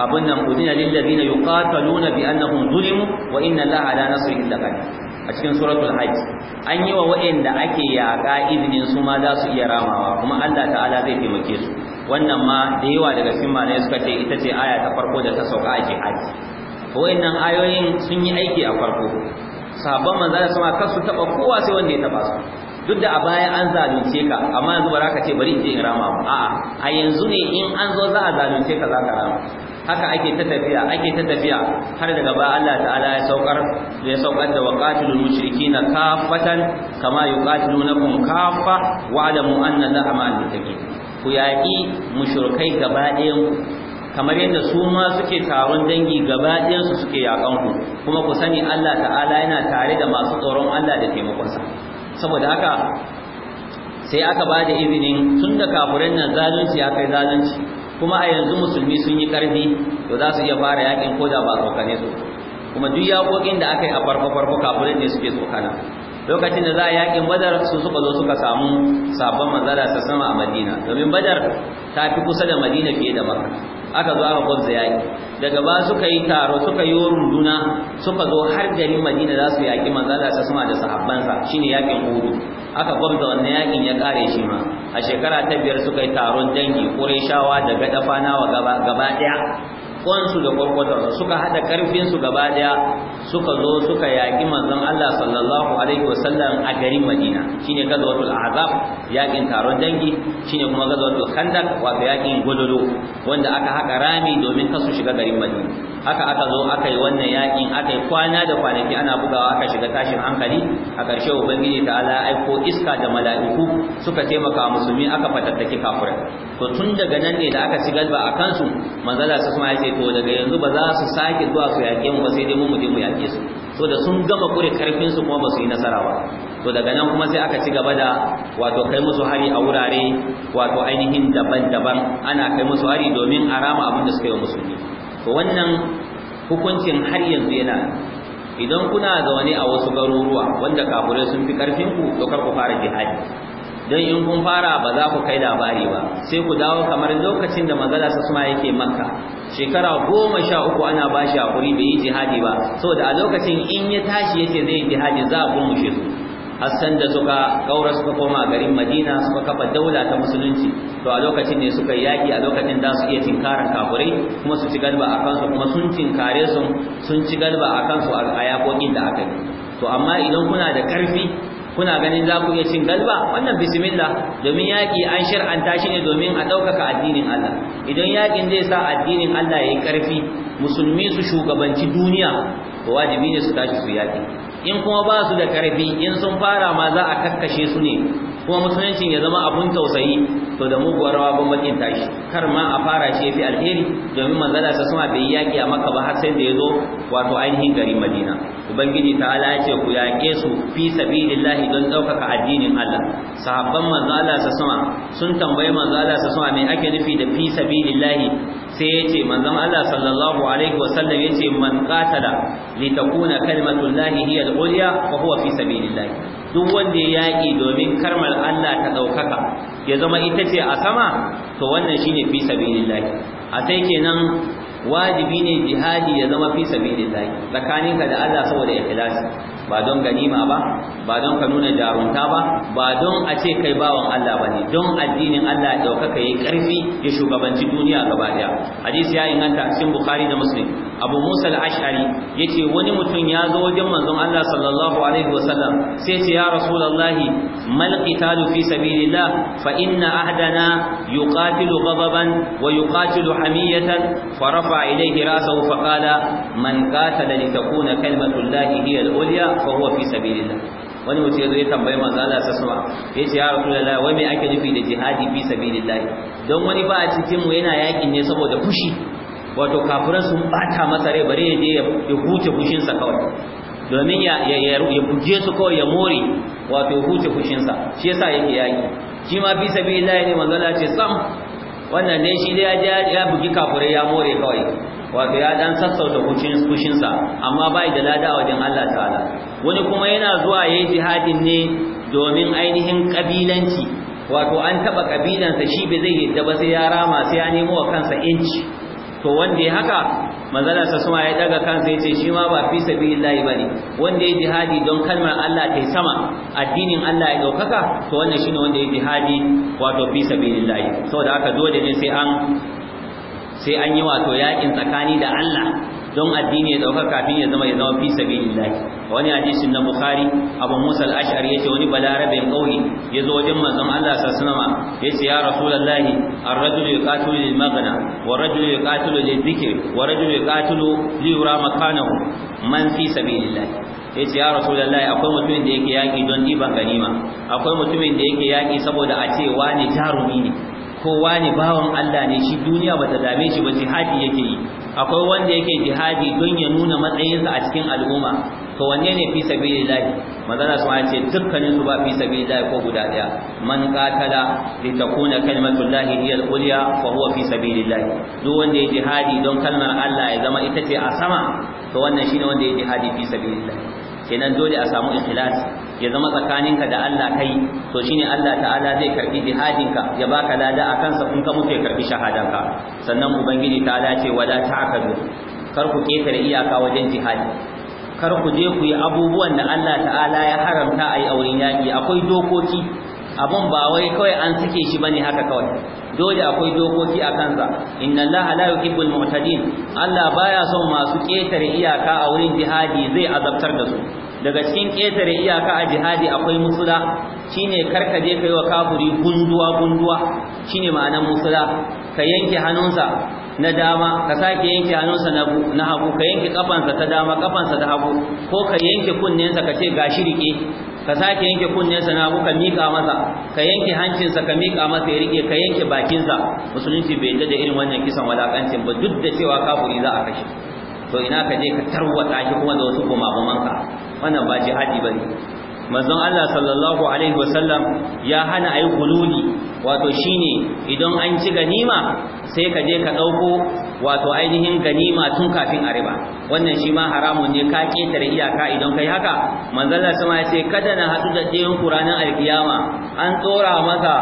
abin nan udina lil yuqataluna bi annahum zulimu wa inna allaha la su illa a cikin suratul hajj an yi wa da ake yaƙa izinin su ma za su iya ramawa kuma Allah ta'ala zai taimake su wannan ma da yawa daga cikin malamai suka ce ita ce aya ta farko da ta sauka a jihadi wayannan ayoyin sun yi aiki a farko sahabban manzo da sama kar su taba kowa sai wanda ya taba su duk da a baya an zalunce ka amma yanzu bara ka ce bari in je in rama mu, a'a a yanzu ne in an zo za a zalunce ka za ka rama haka ake ta tafiya ake ta tafiya har daga ba Allah ta'ala ya saukar ya saukar da waqatilul mushrikina kafatan kama yuqatilunakum kafa wa'lamu anna Allaha ma'al muttaqin ku yaƙi mushrikai gaba ɗayan kamar yadda su ma suke taron dangi gaba ɗayan suke yaƙan ku kuma ku sani Allah ta'ala yana tare da masu tsoron Allah da taimakonsa saboda haka sai aka ba da izinin tun da kafirin nan zalunci ya zalunci kuma a yanzu musulmi sun yi karfi to za su iya fara yakin ko da ba tsokane su kuma duk yaƙoƙin da aka yi a farko farko kafirin ne suke tsokana lokacin da za a yakin badar su suka zo suka samu sabon manzala ta sama a madina domin badar ta fi kusa da madina fiye da maka aka zo aka gwamza yaƙi daga ba suka yi taro suka yi runduna suka zo har garin madina za su yaki manzala ta sama da sahabbansa shine yakin hudu aka gwamza wannan yakin ya kare shi ma a shekara ta biyar suka yi taron dangi daga da nawa gaba ɗaya su da gwargwadon suka haɗa karfin su gaba daya suka zo suka yaki manzon Allah sallallahu alaihi wasallam a garin Madina shine gazwatul azab yaƙin taron dangi shine kuma gazwatul khandaq wato yakin gododo wanda aka haka rami domin kasu shiga garin Madina haka aka zo aka yi wannan yakin aka yi kwana da kwanaki ana bugawa aka shiga tashin hankali a ƙarshe ubangiji ta ala aiko iska da mala'iku suka taimaka musulmi aka fatattaki kafura, to tun daga nan ne da aka ci galba a kansu manzala su kuma ce to daga yanzu ba za su sake zuwa su yaƙe mu ba sai dai mu muje mu yaƙe su to da sun gama kure karfin su kuma ba su yi nasara ba to daga nan kuma sai aka ci gaba da wato kai musu hari a wurare wato ainihin daban-daban ana kai musu hari domin a rama abin da suka yi musulmi to wannan hukuncin har yanzu yana idan kuna zaune a wasu garuruwa wanda kafurai sun fi karfin ku to kar ku fara jihadi don in kun fara ba za ku kai labari ba sai ku dawo kamar lokacin da magana sa suma yake makka shekara goma sha uku ana ba shi hakuri bai yi jihadi ba saboda a lokacin in ya tashi yake zai yi jihadi za a gurmushe su hassan da suka kaura suka koma garin madina suka kafa daula ta musulunci to a lokacin ne suka yaki a lokacin da su iya tinkarar kafurai kuma su ci galba a kansu kuma sun tinkare su sun ci galba a kansu a yakokin da aka yi to amma idan kuna da karfi kuna ganin za ku iya cin galba wannan bismillah domin yaƙi an shar'anta shi ne domin a ɗaukaka addinin Allah idan yaƙin zai sa addinin Allah ya yi ƙarfi musulmi su shugabanci duniya to wajibi ne su tashi su yaƙi in kuma ba su da karfi in sun fara ma za a kakkashe su ne kuma musuluncin ya zama abun tausayi to da muguwar rawa bakin tashi kar ma a fara shi fi alheri domin manzala sa suna bai yaki a maka ba har sai da ya zo wato ainihin garin madina ubangiji ta ala ce ku yaƙe su fi sabilillahi don ɗaukaka addinin Allah sahabban manzo Allah sa sama sun tambayi manzo Allah sa sama me ake nufi da fi sabilillahi sai ya ce manzon Allah sallallahu alaihi wasallam ce man qatala litakuna kalimatullahi hiya al-ulya wa huwa fi sabilillahi duk wanda ya yaƙi domin karmar Allah ta ɗaukaka ya zama ita ce a sama to wannan shine fi sabilillahi a sai kenan wajibi ne jihadi ya zama fi sabilillahi tsakaninka da Allah saboda ikhlasi ba don ganima ba ba don ka nuna jarunta ba ba don a ce kai bawan Allah ba ne don addinin Allah ya dauka kai karfi ya shugabanci duniya gaba daya hadisi ya inganta cikin bukhari da muslim abu musa al ya ce wani mutum ya zo wajen manzon Allah sallallahu alaihi wasallam sai ce ya rasulullahi mal qitalu fi sabilillah fa inna ahadana yuqatilu ghadaban wa yuqatilu hamiyatan farafa ilayhi ra'sahu fa qala man ƙata da litakuna kalimatullahi hiya al-ulya fa huwa fi sabilillah wani mutum ya zo ya tambayi manzo Allah sa sama ya ce ya Rasulullah wai me ake nufi da jihadi fi sabilillah don wani ba a cikinmu yana yakin ne saboda fushi wato kafiran sun bata masa rai bare ya je ya huce sa kawai domin ya ya buge su kawai ya more wato ya huce sa shi yasa yake yaki shi ma bi sabilillah ne Allah ce sam wannan ne shi da ya ya bugi kafirai ya more kawai wato ya dan sassauta fushin sa amma bai da lada wajen Allah ta'ala wani kuma yana zuwa yayi jihadin ne domin ainihin kabilanci wato an taba kabilansa shi bai zai yadda ba sai ya rama sai ya nemo wa kansa inci to wanda ya haka manzala sa suma ya daga kansa yace shi ma ba fi sabilillahi bane wanda ya jihadi don kalmar Allah ta sama addinin Allah ya daukaka to wannan shine wanda ya jihadi wato fi sabilillahi saboda haka dole ne sai an sai an yi wato yakin tsakani da Allah don addini ya dauka kafin ya zama ya zama fi sabilillah wani hadisin na bukhari abu musa al-ash'ari yace wani balarabin kauye yazo wajen manzon Allah sallallahu alaihi wasallam yace ya rasulullah ar rajul yuqatilu lil maghna wa rajul yuqatilu lil dhikr wa rajul yuqatilu li yura makanahu man fi sabilillah yace ya rasulullah akwai mutumin da yake yaki don diban ganima akwai mutumin da yake yaki saboda a ce wani jarumi ne kowa ne bawan Allah ne shi duniya bata dame shi ba jihadi yake yi akwai wanda yake jihadi don ya nuna matsayinsa a cikin al'umma to wanne ne fi sabilillah manzon su an ce dukkanin su ba fi sabilillah ko guda daya man qatala li takuna kalimatullahi hiya al-ulya fa huwa fi sabilillah duk wanda ya jihadi don kalmar Allah ya zama ita ce a sama to wannan shine wanda ya jihadi fi sabilillah kenan dole a samu ikhlasi ya zama tsakaninka da Allah kai to shine Allah ta'ala zai karbi ka ya baka lada a kansa kun ka muke karbi shahadanka sannan ubangiji ta'ala ce wala ta'kadu kar ku ketare iyaka wajen jihadi kar ku je ku yi abubuwan da Allah ta'ala ya haramta a yi auren yaƙi akwai dokoki abun ba wai kawai an sake shi bane haka kawai dole akwai dokoki a kansa inna allaha la yuhibbul mu'tadin Allah baya son masu ketare iyaka a wurin jihadi zai azabtar da su daga cikin ketare iyaka a jihadi akwai musula shine je kai wa kafuri gunduwa gunduwa shine ma'anar musula ka yanke hannunsa na dama ka sake yanke hannunsa na hagu ka yanke kafansa ta dama kafansa ta hagu ko ka yanke kunnensa ka ce gashi rike ka sake yanke kunnensa na hagu ka miƙa masa ka yanke hancinsa ka miƙa masa ya rike ka yanke bakinsa musulunci bai yadda da irin wannan kisan walakancin ba duk da cewa kafuri za a kashe to ina ka je ka tarwata shi kuma da wasu gumagumanka wannan ba jihadi bane manzon Allah sallallahu alaihi wasallam ya hana ayi hululi wato shine idan an ci ganima sai ka je ka ɗauko wato ainihin ganima tun kafin a riba wannan shi ma haramun ne ka ƙetare iyaka idan kai haka manzala sama ya ce kada na hadu da ɗayan kuranin alkiyama an tsora masa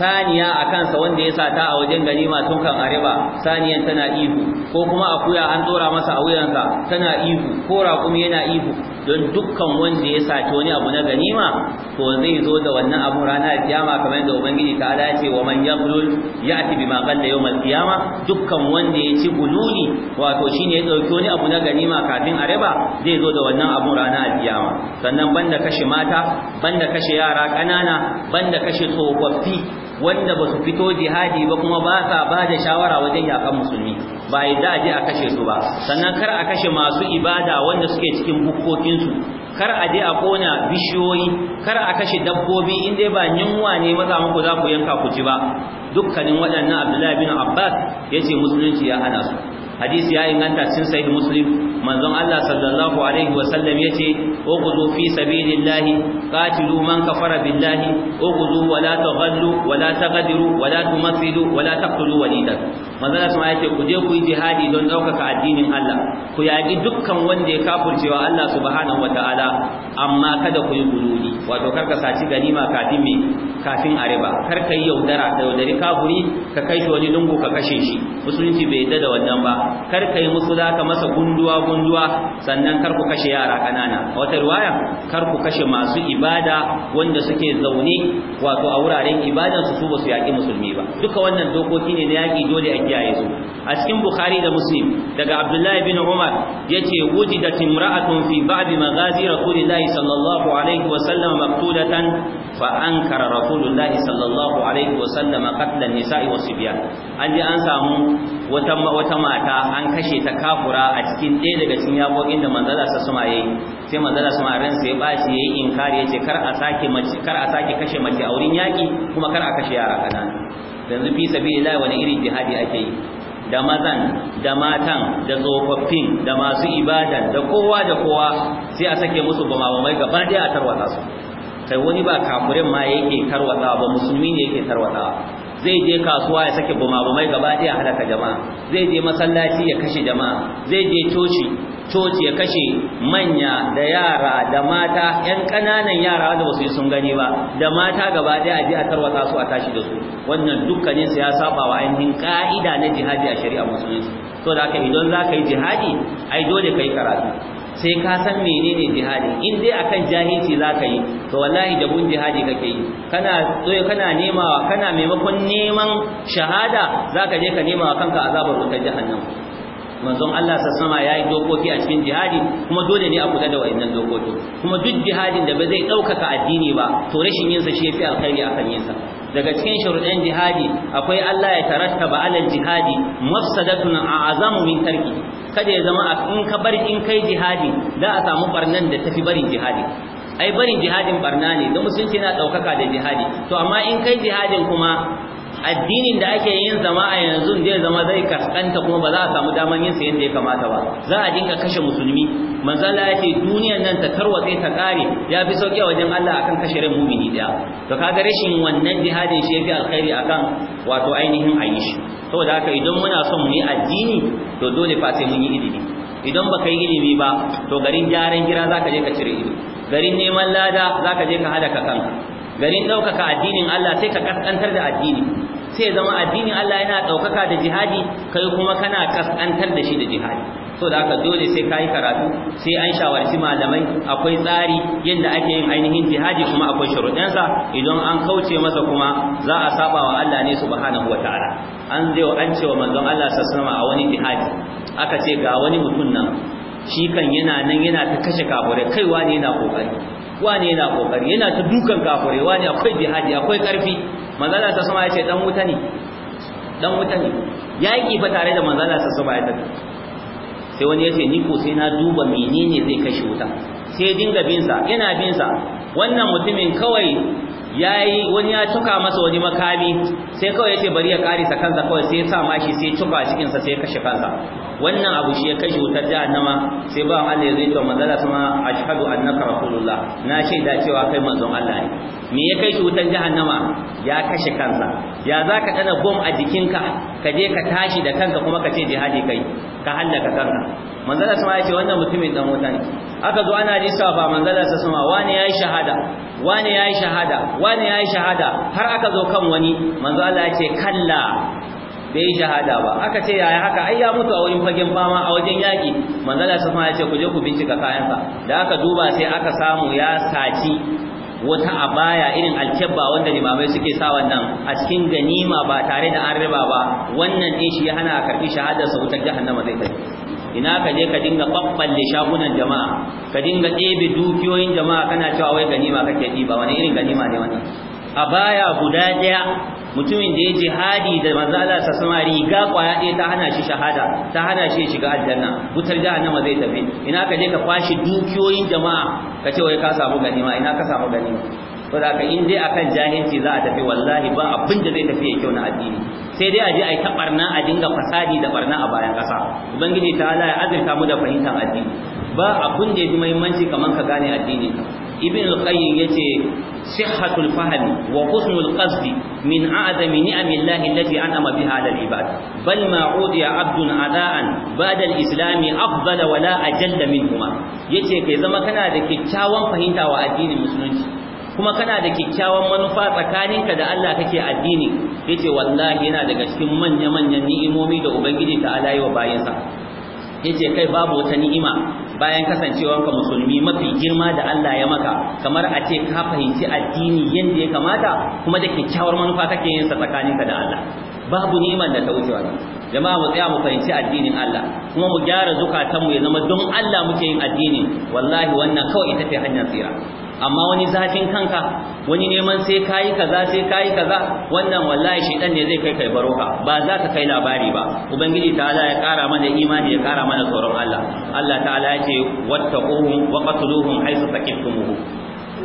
saniya a kansa wanda ya sata a wajen ganima tun kan a riba saniyan tana ihu ko kuma akuya an tsora masa a wuyansa tana ihu ko raƙumi yana ihu don dukkan wanda ya saci wani abu na ganima to zai zo da wannan abu ranar kiyama kamar yadda ubangiji ta ala ya ce wa man yablul ya'ti bima qalla kiyama dukkan wanda ya ci bululi wato shine ya dauki wani abu na ganima kafin a raba zai zo da wannan abun rana a kiyama sannan banda kashe mata banda kashe yara kanana banda kashe tsofaffi wanda ba su fito jihadi ba kuma ba sa ba da shawara wajen yakan musulmi ba yadda a je a kashe su ba sannan kar a kashe masu ibada wanda suke cikin bukkokinsu kar a je a kona bishiyoyi kar a kashe dabbobi in dai ba yunwa ne maza muku za ku yanka ku ci ba dukkanin waɗannan abdullahi bin abbas ya ce musulunci ya hana su hadisi ya inganta cikin sahih muslim manzon Allah sallallahu alaihi wa sallam yace ughzu fi sabilillahi katilu man kafara billahi wala wa la taghallu wala la wala wa la tumathilu wa la taqtulu walidan manzon sama yake ku je ku yi jihadi don daukaka addinin Allah ku yaki dukkan wanda ya kafurcewa Allah subhanahu wataala amma kada ku yi gululi wato karka saci ganima kafin me kafin areba karka yi yaudara da yaudari kafuri ka kai shi wani lungu ka kashe shi musulunci bai yadda da wannan ba karka yi musu zaka masa gunduwa gunduwa sannan karku kashe yara kanana a wata riwaya kar ku kashe masu ibada wanda suke zaune wato a wuraren ibadan su su ba su yaki musulmi ba duka wannan dokoki ne na yaki dole a ya a cikin bukhari da muslim daga abdullahi bin umar yace wujidat imra'atun fi ba'd maghazi rasulillahi sallallahu alaihi wa sallam maqtulatan fa ankara rasulullahi sallallahu alaihi wa sallam qatlan nisa'i wa sibyan an ji an samu wata wata mata an kashe ta kafura a cikin ɗaya daga cikin yabokin da manzala sa suma yayi sai manzala suma ran sai ba shi yayi inkari yace kar a sake mace kar a sake kashe mace a wurin yaki kuma kar a kashe yara kanana yanzu fi sabilillah wani irin jihadi ake yi da mazan da matan da tsofaffin da masu ibada da kowa da kowa sai a sake musu bamamai gaba daya a tarwata su kai wani ba kafirin ma yake tarwata ba musulmi ne yake tarwata zai je kasuwa ya sake bamamai gaba daya halaka jama'a zai je masallaci ya kashe jama'a zai je coci coci ya kashe manya da yara da mata yan kananan yara wanda basu yi sun gani ba da mata gaba daya aje a tarwata su a tashi da su wannan dukkanin su ya saba wa ainihin ka'ida na jihadi a shari'a musulunci to da haka idan za ka yi jihadi ai dole ka yi karatu sai ka san menene jihadi in dai akan jahilci za ka yi to wallahi dabun jihadi kake yi kana so kana nemawa kana maimakon neman shahada za ka je ka nemawa kanka azabar wutar jahannam manzon Allah sassama ya yi dokoki a cikin jihadi kuma dole ne a kula da wa'annan dokoki kuma duk jihadin da ba zai ɗaukaka addini ba to rashin yinsa shi ya yafi alkhairi kan yinsa daga cikin sharuɗan jihadi akwai Allah ya tarattaba alal jihadi mafsadatun a'azamu min tarki kada ya zama in ka bari in kai jihadi za a samu barnan da tafi barin jihadi ai barin jihadin barna ne da musulunci na ɗaukaka da jihadi to amma in kai jihadin kuma addinin da ake yin zama a yanzu zai zama zai kaskanta kuma ba za a samu daman yin sa yadda ya kamata ba za a dinga kashe musulmi manzala ya ce duniyar nan ta tarwatse ta kare ya fi sauki wajen Allah akan kashe ran mumini daya to kaga rashin wannan jihadin shi yafi alkhairi akan wato ainihin ayi saboda haka idan muna son mu yi addini to dole fa sai mun yi ilimi idan baka yi ilimi ba to garin gyaran gira zaka je ka cire ido. garin neman lada zaka je ka hada ka kanka garin ɗaukaka addinin Allah sai ka kaskantar da addini sai zama addinin Allah yana ɗaukaka da jihadi kai kuma kana kaskantar da shi da jihadi so da haka dole sai kai karatu sai an shawarci malamai akwai tsari yadda ake yin ainihin jihadi kuma akwai shuruɗinsa idan an kauce masa kuma za a saba wa Allah ne subhanahu wataala an zai an cewa manzon Allah sallallahu a wani jihadi aka ce ga wani mutum nan shi kan yana nan yana ta kashe kafure kaiwa ne yana kokari wani yana kokari yana ta dukan kafure wani akwai jihadi akwai karfi manzala ta sama ya ce dan wuta ne dan wuta ne yaƙi fa tare da manzala ta sama ya ta sai wani ya ce ni ko sai na duba menene zai kashe wuta sai dinga bin sa yana bin sa wannan mutumin kawai yayi wani ya tuka masa wani makami sai kawai yace bari ya karisa kansa kawai sai ya sa mashi sai tuka cikin sa sai ya kashe kansa wannan abu shi ya kashe wutar jahannama sai ba Allah ya zai to manzala kuma ashhadu annaka rasulullah na shaida cewa kai manzon Allah ne me ya kai shi wutar jahannama ya kashe kansa ya zaka dana bom a jikinka ka je ka tashi da kanka kuma ka ce jihadi kai ka hallaka kanka manzala sama ya ce wannan mutumin dan wuta ne aka zo ana risa ba manzala sa sama wani yayi shahada wani yayi shahada wani yayi shahada har aka zo kan wani manzala ya ce kalla bai shahada ba aka ce yaya haka ai ya mutu a wurin fagen fama a wajen yaki manzala sama ya ce ku je ku bincika kayansa da aka duba sai aka samu ya saci wata abaya irin alkebba wanda limamai suke sa wannan a cikin ganima ba tare da an riba ba wannan din shi ya hana a karbi shahadar sa wutar jahannama zai tafi ina ka je ka dinga babballe shagunan jama'a ka dinga ɗebe dukiyoyin jama'a kana cewa wai ganima kake ɗiba wani irin ganima ne wannan a baya guda daya mutumin da ya hadi da manzo Allah ta sama riga kwaya ɗaya ta hana shi shahada ta hana shi shiga aljanna wutar jahannama zai tafi ina ka je ka kwashi dukiyoyin jama'a ka ce wai ka samu ganima ina ka samu ganima to da ka in dai akan jahilci za a tafi wallahi ba abin da zai tafi ya kyau na addini sai dai a je a yi ta barna a dinga fasadi da barna a bayan ƙasa ubangiji ta Allah ya azurta mu da fahimtar addini ba abun da ya ji muhimmanci kamar ka gane addini ibn al-qayyim yace sihhatul fahmi wa husnul qasdi min a'zami ni'amillahi allati an'ama biha 'ala al-ibad bal ma udiya 'abdun ada'an ba'da al-islam afdal wa la ajalla minhuma yace kai zama kana da kikkiawan fahimta wa addinin musulunci kuma kana da kikkiawan manufa tsakaninka da Allah kake addini yace wallahi yana daga cikin manya-manyan ni'imomi da ubangiji ta alayi wa bayansa yace kai babu wata ni'ima bayan kasancewanka musulmi mafi girma da Allah ya maka kamar a ce ka fahimci addini yadda ya kamata kuma da kyakkyawar manufa kake yin sa tsakaninka da Allah babu ni'imar da ta wuce wannan jama'a mu tsaya mu fahimci addinin Allah kuma mu gyara zukatanmu ya zama don Allah muke yin addinin wallahi wannan kawai ita ce hanyar tsira amma wani zafin kanka wani neman sai kayi kaza sai kayi kaza wannan wallahi shedan ne zai kai kai baroka ba za ka kai labari ba ubangiji ta'ala ya kara mana imani ya kara mana tsoron Allah Allah ta'ala ya ce wattaquhum wa qatluhum haythu saqiftumuhum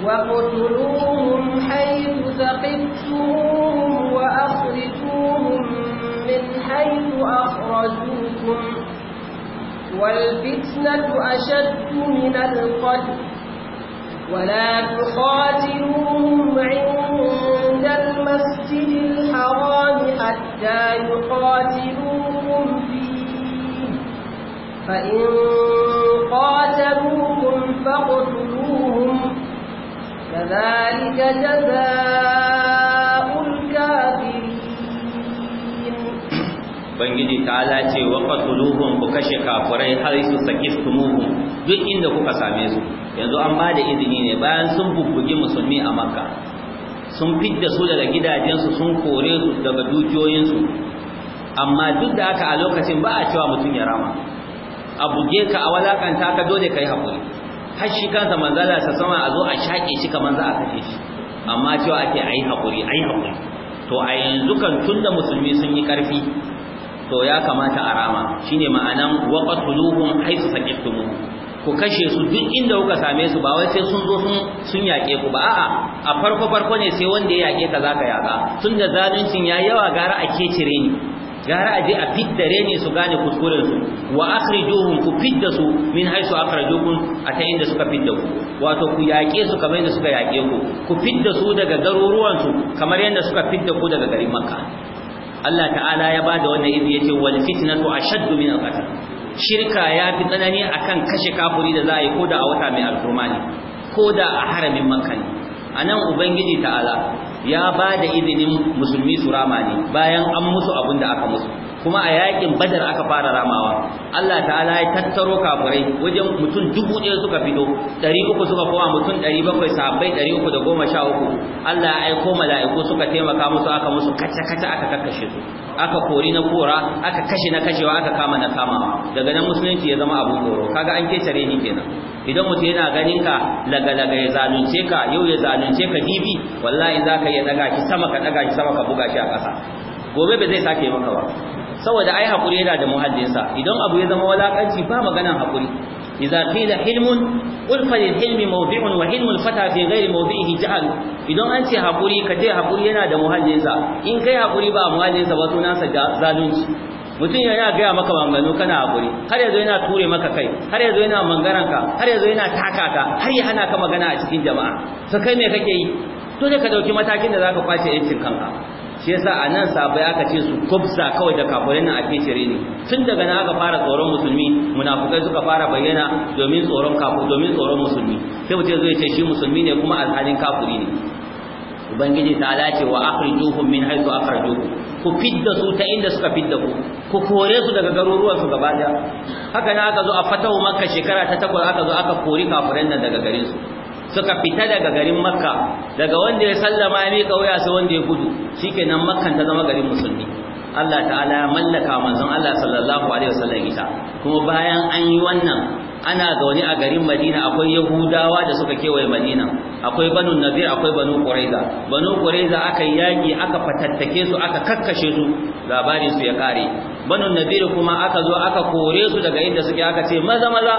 وقتلوهم حيث ثقفتموهم وأخرجوهم من حيث أخرجوكم والفتنة أشد من القتل ولا تقاتلوهم عند المسجد الحرام حتى يقاتلوهم فيه فإن قاتلوهم فاقتلوهم كذلك جزاء Ubangiji ta ala ce wa fasuluhun ku kashe kafurai har su saki su duk inda kuka same su. yanzu an ba da izini ne bayan sun bubbugi musulmi a makka sun fidda su daga gidajensu sun kore su daga dukiyoyinsu amma duk da haka a lokacin ba a cewa mutum ya rama a buge ka a walakanta ka dole ka yi haƙuri har shi kansa manzala sa sama a zo a shaƙe shi kamar za a kashe shi amma cewa ake a yi haƙuri a yi haƙuri to a yanzu kan tun da musulmi sun yi ƙarfi to ya kamata a rama shine ma'anan waqatuluhum haythu saqiftumuhum ku kashe su duk inda kuka same su ba wai sai sun zo sun sun yake ku ba a'a a farko farko ne sai wanda ya yake ka zaka yaka tunda zaluncin yayi yawa gara a kecire ni gara aje a fiddare ne su gane kuskuren su wa akhrijuhum ku fidda su min haisu akhrajukum a ta inda suka fidda ku wato ku yake su kamar yadda suka yake ku ku fidda su daga garuruwan su kamar yadda suka fidda ku daga garin makka Allah ta'ala ya bada wannan izi yace wal fitnatu ashaddu min al-qatl shirka ya fi tsanani a kan kashe kafuri da za a yi ko da a wata mai alfurma ne ko da a haramin makani a nan ubangiji ta'ala ya ba da izinin musulmi su rama ne bayan an musu abin da aka musu kuma a yakin badar aka fara ramawa Allah ta'ala ya tattaro kafurai wajen mutum dubu ɗaya suka fito ɗari uku suka koma mutum ɗari bakwai sabai ɗari uku da goma sha uku Allah ya aiko mala'iku suka taimaka musu aka musu kaca kaca aka kakkashe su aka kori na kora aka kashe na kashewa aka kama na kama daga nan musulunci ya zama abun tsoro kaga an ketare ni kenan idan mutum yana ganin ka laga laga ya zalunce ka yau ya zalunce ka bibi wallahi zaka iya daga ki sama ka daga shi, sama ka buga shi a ƙasa gobe ba zai sake maka ba saboda ai hakuri yana da muhallinsa idan abu ya zama walakanci ba maganan hakuri إذا قيل حلم قل lil hilmi mawdi'un wa hilmul fata fi ghairi mawdi'ihi ja'al idan an ce hakuri ka ce hakuri yana da muhallinsa in kai hakuri ba muhallinsa ba sunansa zalunci mutum yana gaya maka manganu kana hakuri har yanzu yana ture maka kai har yanzu yana mangaranka har yanzu yana taka ka har ya hana ka magana a cikin jama'a to kai me kake yi to ka dauki matakin da zaka kwace yancin kanka shi yasa a nan sabai aka ce su kubsa kawai da kafirin nan ake shiri ne tun daga nan aka fara tsoron musulmi munafukai suka fara bayyana domin tsoron kafir domin tsoron musulmi sai mutum zai ce shi musulmi ne kuma alhalin kafiri ne ubangiji ta ce wa akhrijuhum min haythu akhrajukum ku fidda su ta inda suka fidda ku ku kore su daga garuruwan su gaba daya haka nan aka zo a fatahu makka shekara ta takwas aka zo aka kori kafirin nan daga garin su suka fita daga garin makka daga wanda ya sallama ya miƙa wuya sai wanda ya gudu shikenan makkan ta zama garin musulmi Allah ta'ala ya mallaka manzon Allah sallallahu alaihi wasallam ita kuma bayan an yi wannan ana zaune a garin Madina akwai Yahudawa da suka kewaye Madina akwai Banu Nadir akwai Banu Quraiza Banu Quraiza aka yaki aka fatattake su aka kakkashe su labarin su ya kare Banu Nadir kuma aka zo aka kore su daga inda suke aka ce maza maza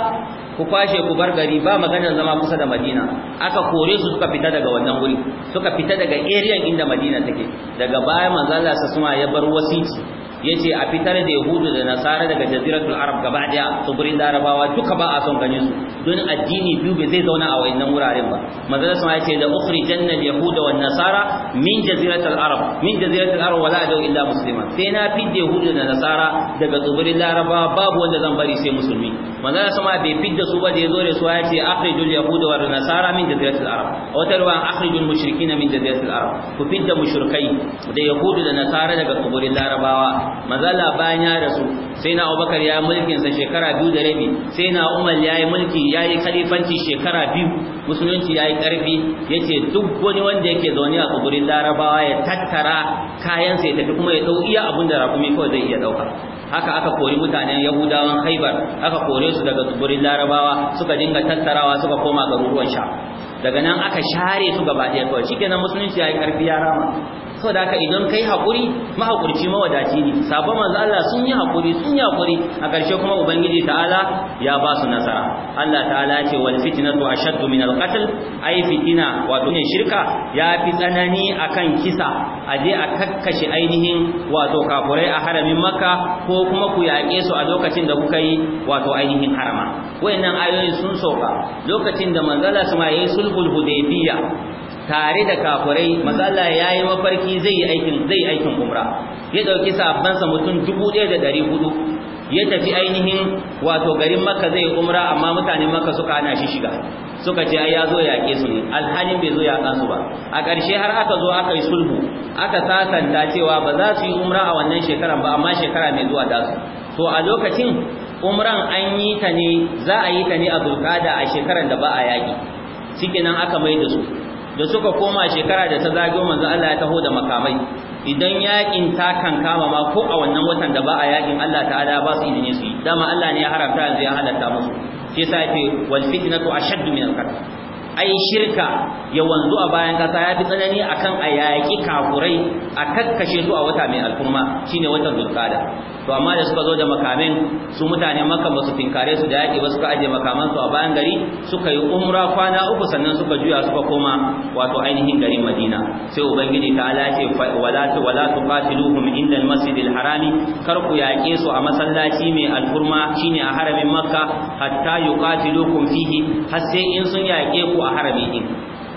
ku kwashe ku bar gari ba maganar zama kusa da Madina aka kore su suka fita daga wannan wuri suka fita daga area inda Madina take daga baya manzo Allah sa ya bar wasiti yace a fitar da yahudu da nasara daga jaziratul arab gaba daya tsibirin larabawa duka ba a son ganin su don addini biyu bai zai zauna a wayannan wuraren ba manzon sama yace la ukhrijanna al-yahuda wan nasara min jaziratul arab min jaziratul arab wala adu illa musliman sai na fidda yahudu da nasara daga tsibirin larabawa babu wanda zan bari sai musulmi manzon sama bai fidda su ba da yazo da su yace akhrijul yahuda wan nasara min jaziratul arab wata ruwan akhrijul mushrikina min jaziratul arab ku fidda mushrikai da yahudu da nasara daga tsibirin larabawa mazala bayan ya rasu sai na abubakar ya mulkin sa shekara biyu da rabi sai na umar ya yi mulki ya yi kalifanci shekara biyu musulunci ya yi ƙarfi ya ce duk wani wanda yake zaune a tsibirin larabawa ya tattara kayansa ya tafi kuma ya ɗau iya abin da rakumi kawai zai iya ɗauka haka aka kori mutanen yahudawan haibar aka kore su daga tsibirin larabawa suka dinga tattarawa suka koma garuruwan sha daga nan aka share su gaba ɗaya kawai shikenan musulunci ya yi ƙarfi ya rama so da haka idan kai hakuri, mahaƙurci mawadaci ne sabon manzo Allah sun yi hakuri sun yi hakuri a ƙarshe kuma ubangiji ta'ala ya ba su nasara Allah ta'ala ce wal fitnatu ashaddu min al qatl ai fitina wato ne shirka ya fi tsanani akan kisa aje a kakkashe ainihin wato kafurai a haramin makka ko kuma ku yaƙe su a lokacin da kuka yi wato ainihin harama wayannan ayoyin sun soka lokacin da manzala su ma yayi sulhul hudaybiyya tare da kafurai matsala ya yi mafarki zai yi aikin zai aikin umra ya dauki sabban sa mutum 1400 ya tafi ainihin wato garin Makka zai umra amma mutanen Makka suka hana shi shiga suka ce ya zo ke su ne alhalin bai zo ya su ba a ƙarshe har aka zo aka yi sulhu aka sasanta cewa ba za su yi umra a wannan shekaran ba amma shekara mai zuwa da su to a lokacin umran an yi ta ne za a yi ta ne a zulkada a shekaran da ba a yaƙi cikinan aka mai da su da suka koma shekara da ta zago manzo Allah ya taho da makamai idan yakin ta kankama ma ko a wannan watan da ba a yakin Allah ta'ala ba su izini su yi dama Allah ne ya haramta yanzu ya halatta musu shi sai yace wal fitnatu ashaddu min al-qatl ai shirka ya wanzu a bayan kasa ya fi tsanani akan a yaƙi kafurai a kakkashe su a wata mai al'umma shine watan zulqada to amma da suka zo da makamin su mutane maka ba su tinkare su da yaƙi ba suka aje makaman su a bayan gari suka yi umra kwana uku sannan suka juya suka koma wato ainihin garin madina sai ubangiji ta alace wala wala qatiluhum inda almasjid harami kar ku yaƙe su a masallaci mai alhurma shine a haramin makka hatta yuqatilukum fihi har sai in sun yaƙe ku a haramin din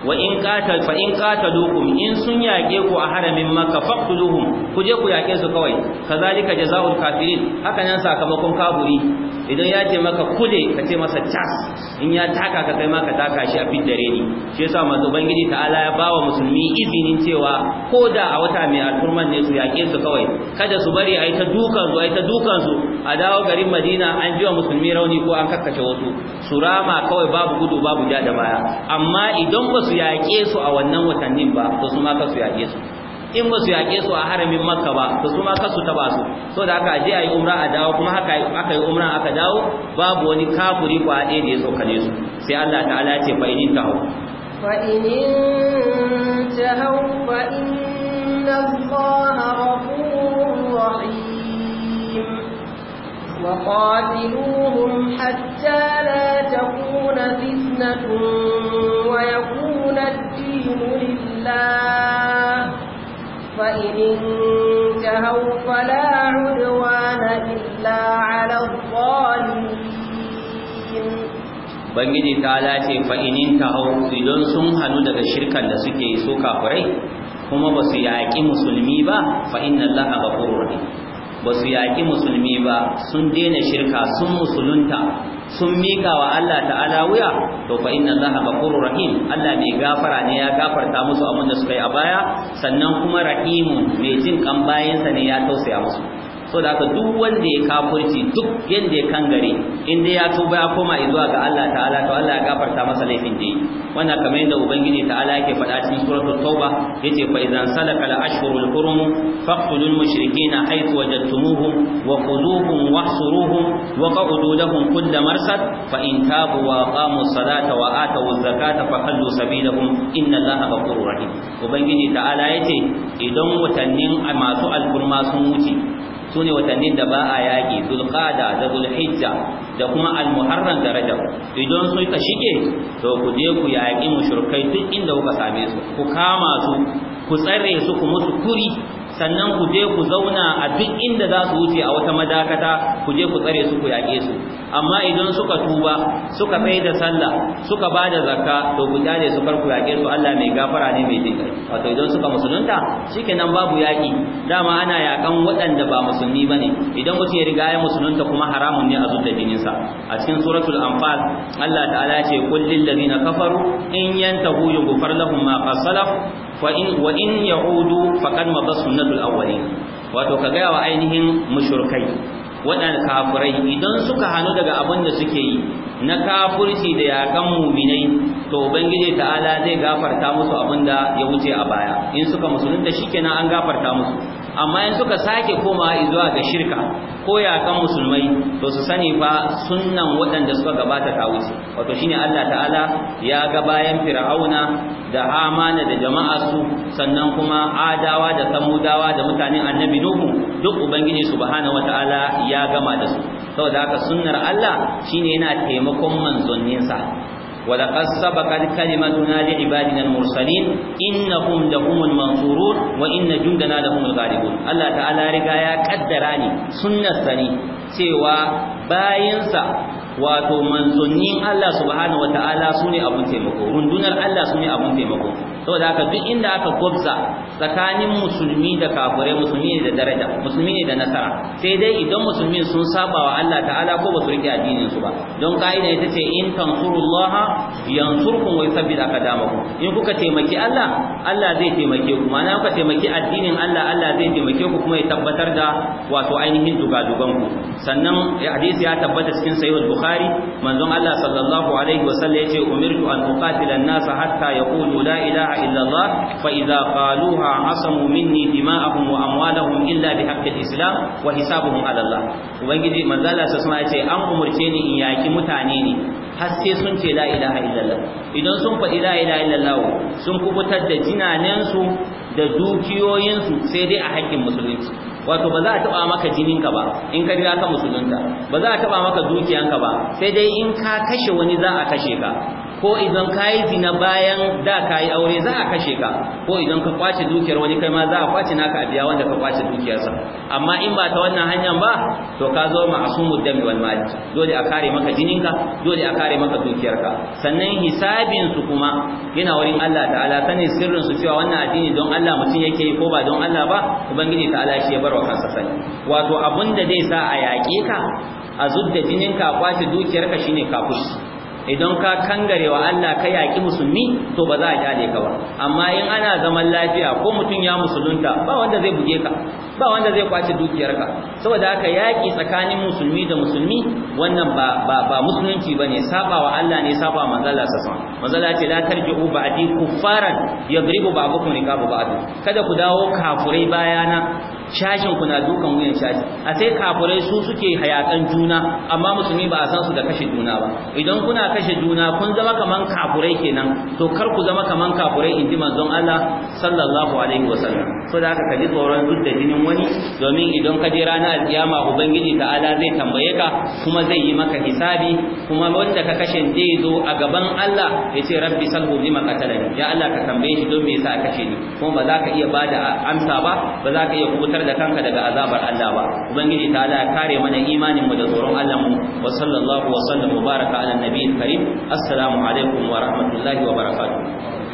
wa in qatal fa in qataluhum in sun yake ku a haramin makka faqtuluhum ku je ku yake su kawai kazalika jazaul kafirin haka nan sakamakon kafuri idan ya ce maka kule ka ce masa cas in ya taka ka kai maka taka shi a fiddare ni shi yasa manzo bangiji ta'ala ya bawa musulmi izinin cewa ko da a wata mai alfurman ne su yake su kawai kada su bari a yi ta dukansu su yi ta dukan a dawo garin Madina an ji wa musulmi rauni ko an kakkashe wasu su rama kawai babu gudu babu ja da baya amma idan ba su yake su a wannan watannin ba to su ma ka su yake su in ba su yaƙe su a haramin makka ba to su ma kasu ta ba su so da aka je a yi umra a dawo kuma haka aka yi umra aka dawo babu wani kafuri kwa ɗaya da ya sauka tsokane su sai Allah ta'ala ya ce fa in tahu fa in tahu fa inna Allaha ghafurur rahim wa qatiluhum hatta la takuna wa yakuna ad-din lillah فإن انتهوا فلا عدوان إلا على الظالمين Bangiji ta lace fa'inin ta hau idan sun hannu daga shirkan da suke so kafurai, kuma ba su yaƙi musulmi ba fa'in ba su yaƙi musulmi ba sun daina shirka sun musulunta sun mika wa Allah ta'ala wuya to fa inna Allah ghafurur rahim Allah mai gafara ne ya gafarta musu abin da suka yi a baya sannan kuma rahimun mai jin kan bayansa ne ya tausaya musu so haka duk wanda ya kafurci duk yanda ya kangare in dai ya tuba ya koma zuwa ga Allah ta'ala to Allah ya gafarta masa laifin da yi wannan kamar yadda ubangiji ta'ala yake faɗa cikin suratul tauba yace fa idan salaka al ashhurul hurum faqtulul mushrikeena haythu wajadtumuhum wa khuduhum wahsuruhum wa qaqudu lahum kull marsad fa in tabu wa aqamu salata wa atu zakata fa hallu sabilahum inna Allaha ghafurur rahim ubangiji ta'ala yace idan watannin masu alkurma sun wuce ne watannin da ba a yaki zulqada da zulhijja da kuma almuharram da rajab idan sun ka shige to ku je ku yaki mushrikai duk inda kuka same su ku kama su ku tsare su ku musu kuri sannan ku je ku zauna a duk inda za su wuce a wata madakata ku je ku tsare su ku yaƙe su amma idan suka tuba suka mai da sallah suka ba da zakka to ku kyale su kar ku yaƙe su Allah mai gafara ne mai dinka wato idan suka musulunta shikenan babu yaƙi dama ana yaƙan waɗanda ba musulmi ba ne, idan mutum ya riga ya musulunta kuma haramun ne a zuta jininsa a cikin suratul anfal Allah ta'ala ya ce kullil ladina kafaru in yantahu yughfar lahum ma wa in fa kan faqad mabas sunnatul awwalin wato ka gaya wa ainihin mushrikai wadanda kafirai idan suka hanu daga abin da suke yi na kafirci da yakan muminai to ubangiji ta'ala zai gafarta musu abin da ya wuce a baya in suka musulun da shikenan an gafarta musu amma in suka sake koma zuwa ga shirka ko yakan musulmai to su sani fa sunnan waɗanda suka gabata ta wuce wato shine Allah ta'ala ya ga bayan fir'auna da amana da jama'a su sannan kuma adawa da samudawa da mutanen annabi nuhu duk ubangiji subhanahu wataala ya gama da su saboda haka sunnar Allah shine yana taimakon manzonnin sa wa laqad sabaqat kalimatuna li ibadina al-mursalin innahum lahumul mansurun wa inna jundana lahumul ghalibun Allah ta'ala riga ya ƙaddara ne sunnar sa ne cewa bayansa. wato manzonnin Allah subhanahu wataala sune abun taimako rundunar Allah sune abun taimako saboda haka duk inda aka gobza tsakanin musulmi da kafirai musulmi ne da daraja musulmi ne da nasara sai dai idan musulmi sun saba wa Allah ta'ala ko ba su rike addinin su ba don kaida ita ce in tansurullaha yansurkum wa yuthabbit aqdamakum in kuka taimaki Allah Allah zai taimake ku Mana kuka taimaki addinin Allah Allah zai taimake ku kuma ya tabbatar da wato ainihin dugadugan ku sannan hadisi ya tabbata cikin sahih bukhari bukhari manzon Allah sallallahu alaihi wasallam yace umirtu an uqatila an-nas hatta yaqulu la ilaha illa Allah fa idza qaluha asamu minni dima'ahum wa amwalahum illa bi haqqi al-islam wa hisabuhum a Allah ubangiji manzon Allah sallallahu alaihi wasallam yace an umurce ni in yaki mutane ne har sai sun ce la ilaha illallah idan sun faɗi la ilaha illallah sun kubutar da jinanensu da dukiyoyinsu sai dai a haƙƙin musulunci wato ba za a taba maka jininka ba in ka riga ka musulunta ba za a taba maka dukiyanka ba sai dai in ka kashe wani za a kashe ka ko idan kayi zina bayan da kayi aure za a kashe ka ko idan ka kwace dukiyar wani kai ma za a kwace naka a biya wanda ka kwace dukiyar sa. amma in ba ta wannan hanyar ba to ka zo ma'asumud dami wal mali dole a kare maka jinin ka. dole a kare maka dukiyar ka. sannan hisabin su kuma yana wurin Allah ta'ala sanin sirrin su cewa wannan addini don Allah mutum yake yi ko ba don Allah ba ubangiji ta'ala shi ya barwa kansa sai wato abun da zai sa a yaƙe ka a zubda ka a kwace dukiyar ka shine kafushi idan ka kangare wa Allah ka yaki musulmi to ba za a kyale ka ba amma in ana zaman lafiya ko mutum ya musulunta ba wanda zai buge ka ba wanda zai kwace ka saboda haka yaki tsakanin musulmi da musulmi wannan ba ba, ba musulunci bane saba wa Allah ne saba wa manzala sasa manzala ce la tarji'u ba'di kuffaran yadribu ba'dukum ba'd kada ku dawo kafurai bayana shashin ku na dukan wuyan shashi a sai kafurai su suke hayakan juna amma musulmi ba a san su da kashe juna ba idan kuna kashe juna kun zama kaman kafurai kenan to kar ku zama kaman kafurai in ji manzon Allah sallallahu alaihi wasallam so da haka ka ji tsoron duk da jinin wani domin idan ka je ranar alkiyama ubangiji ta'ala zai tambaye ka kuma zai yi maka hisabi kuma wanda ka kashe zai zo a gaban Allah ya ce rabbi salhu lima qatalani ya Allah ka tambaye shi don me yasa kashe ni kuma ba za ka iya bada amsa ba ba za ka iya kubuta kubutar da kanka daga azabar Allah ba ubangiji ta Allah kare mana imanin mu da tsoron Allah mu wa sallallahu wa sallam baraka ala nabiyil karim assalamu alaikum wa rahmatullahi wa barakatuh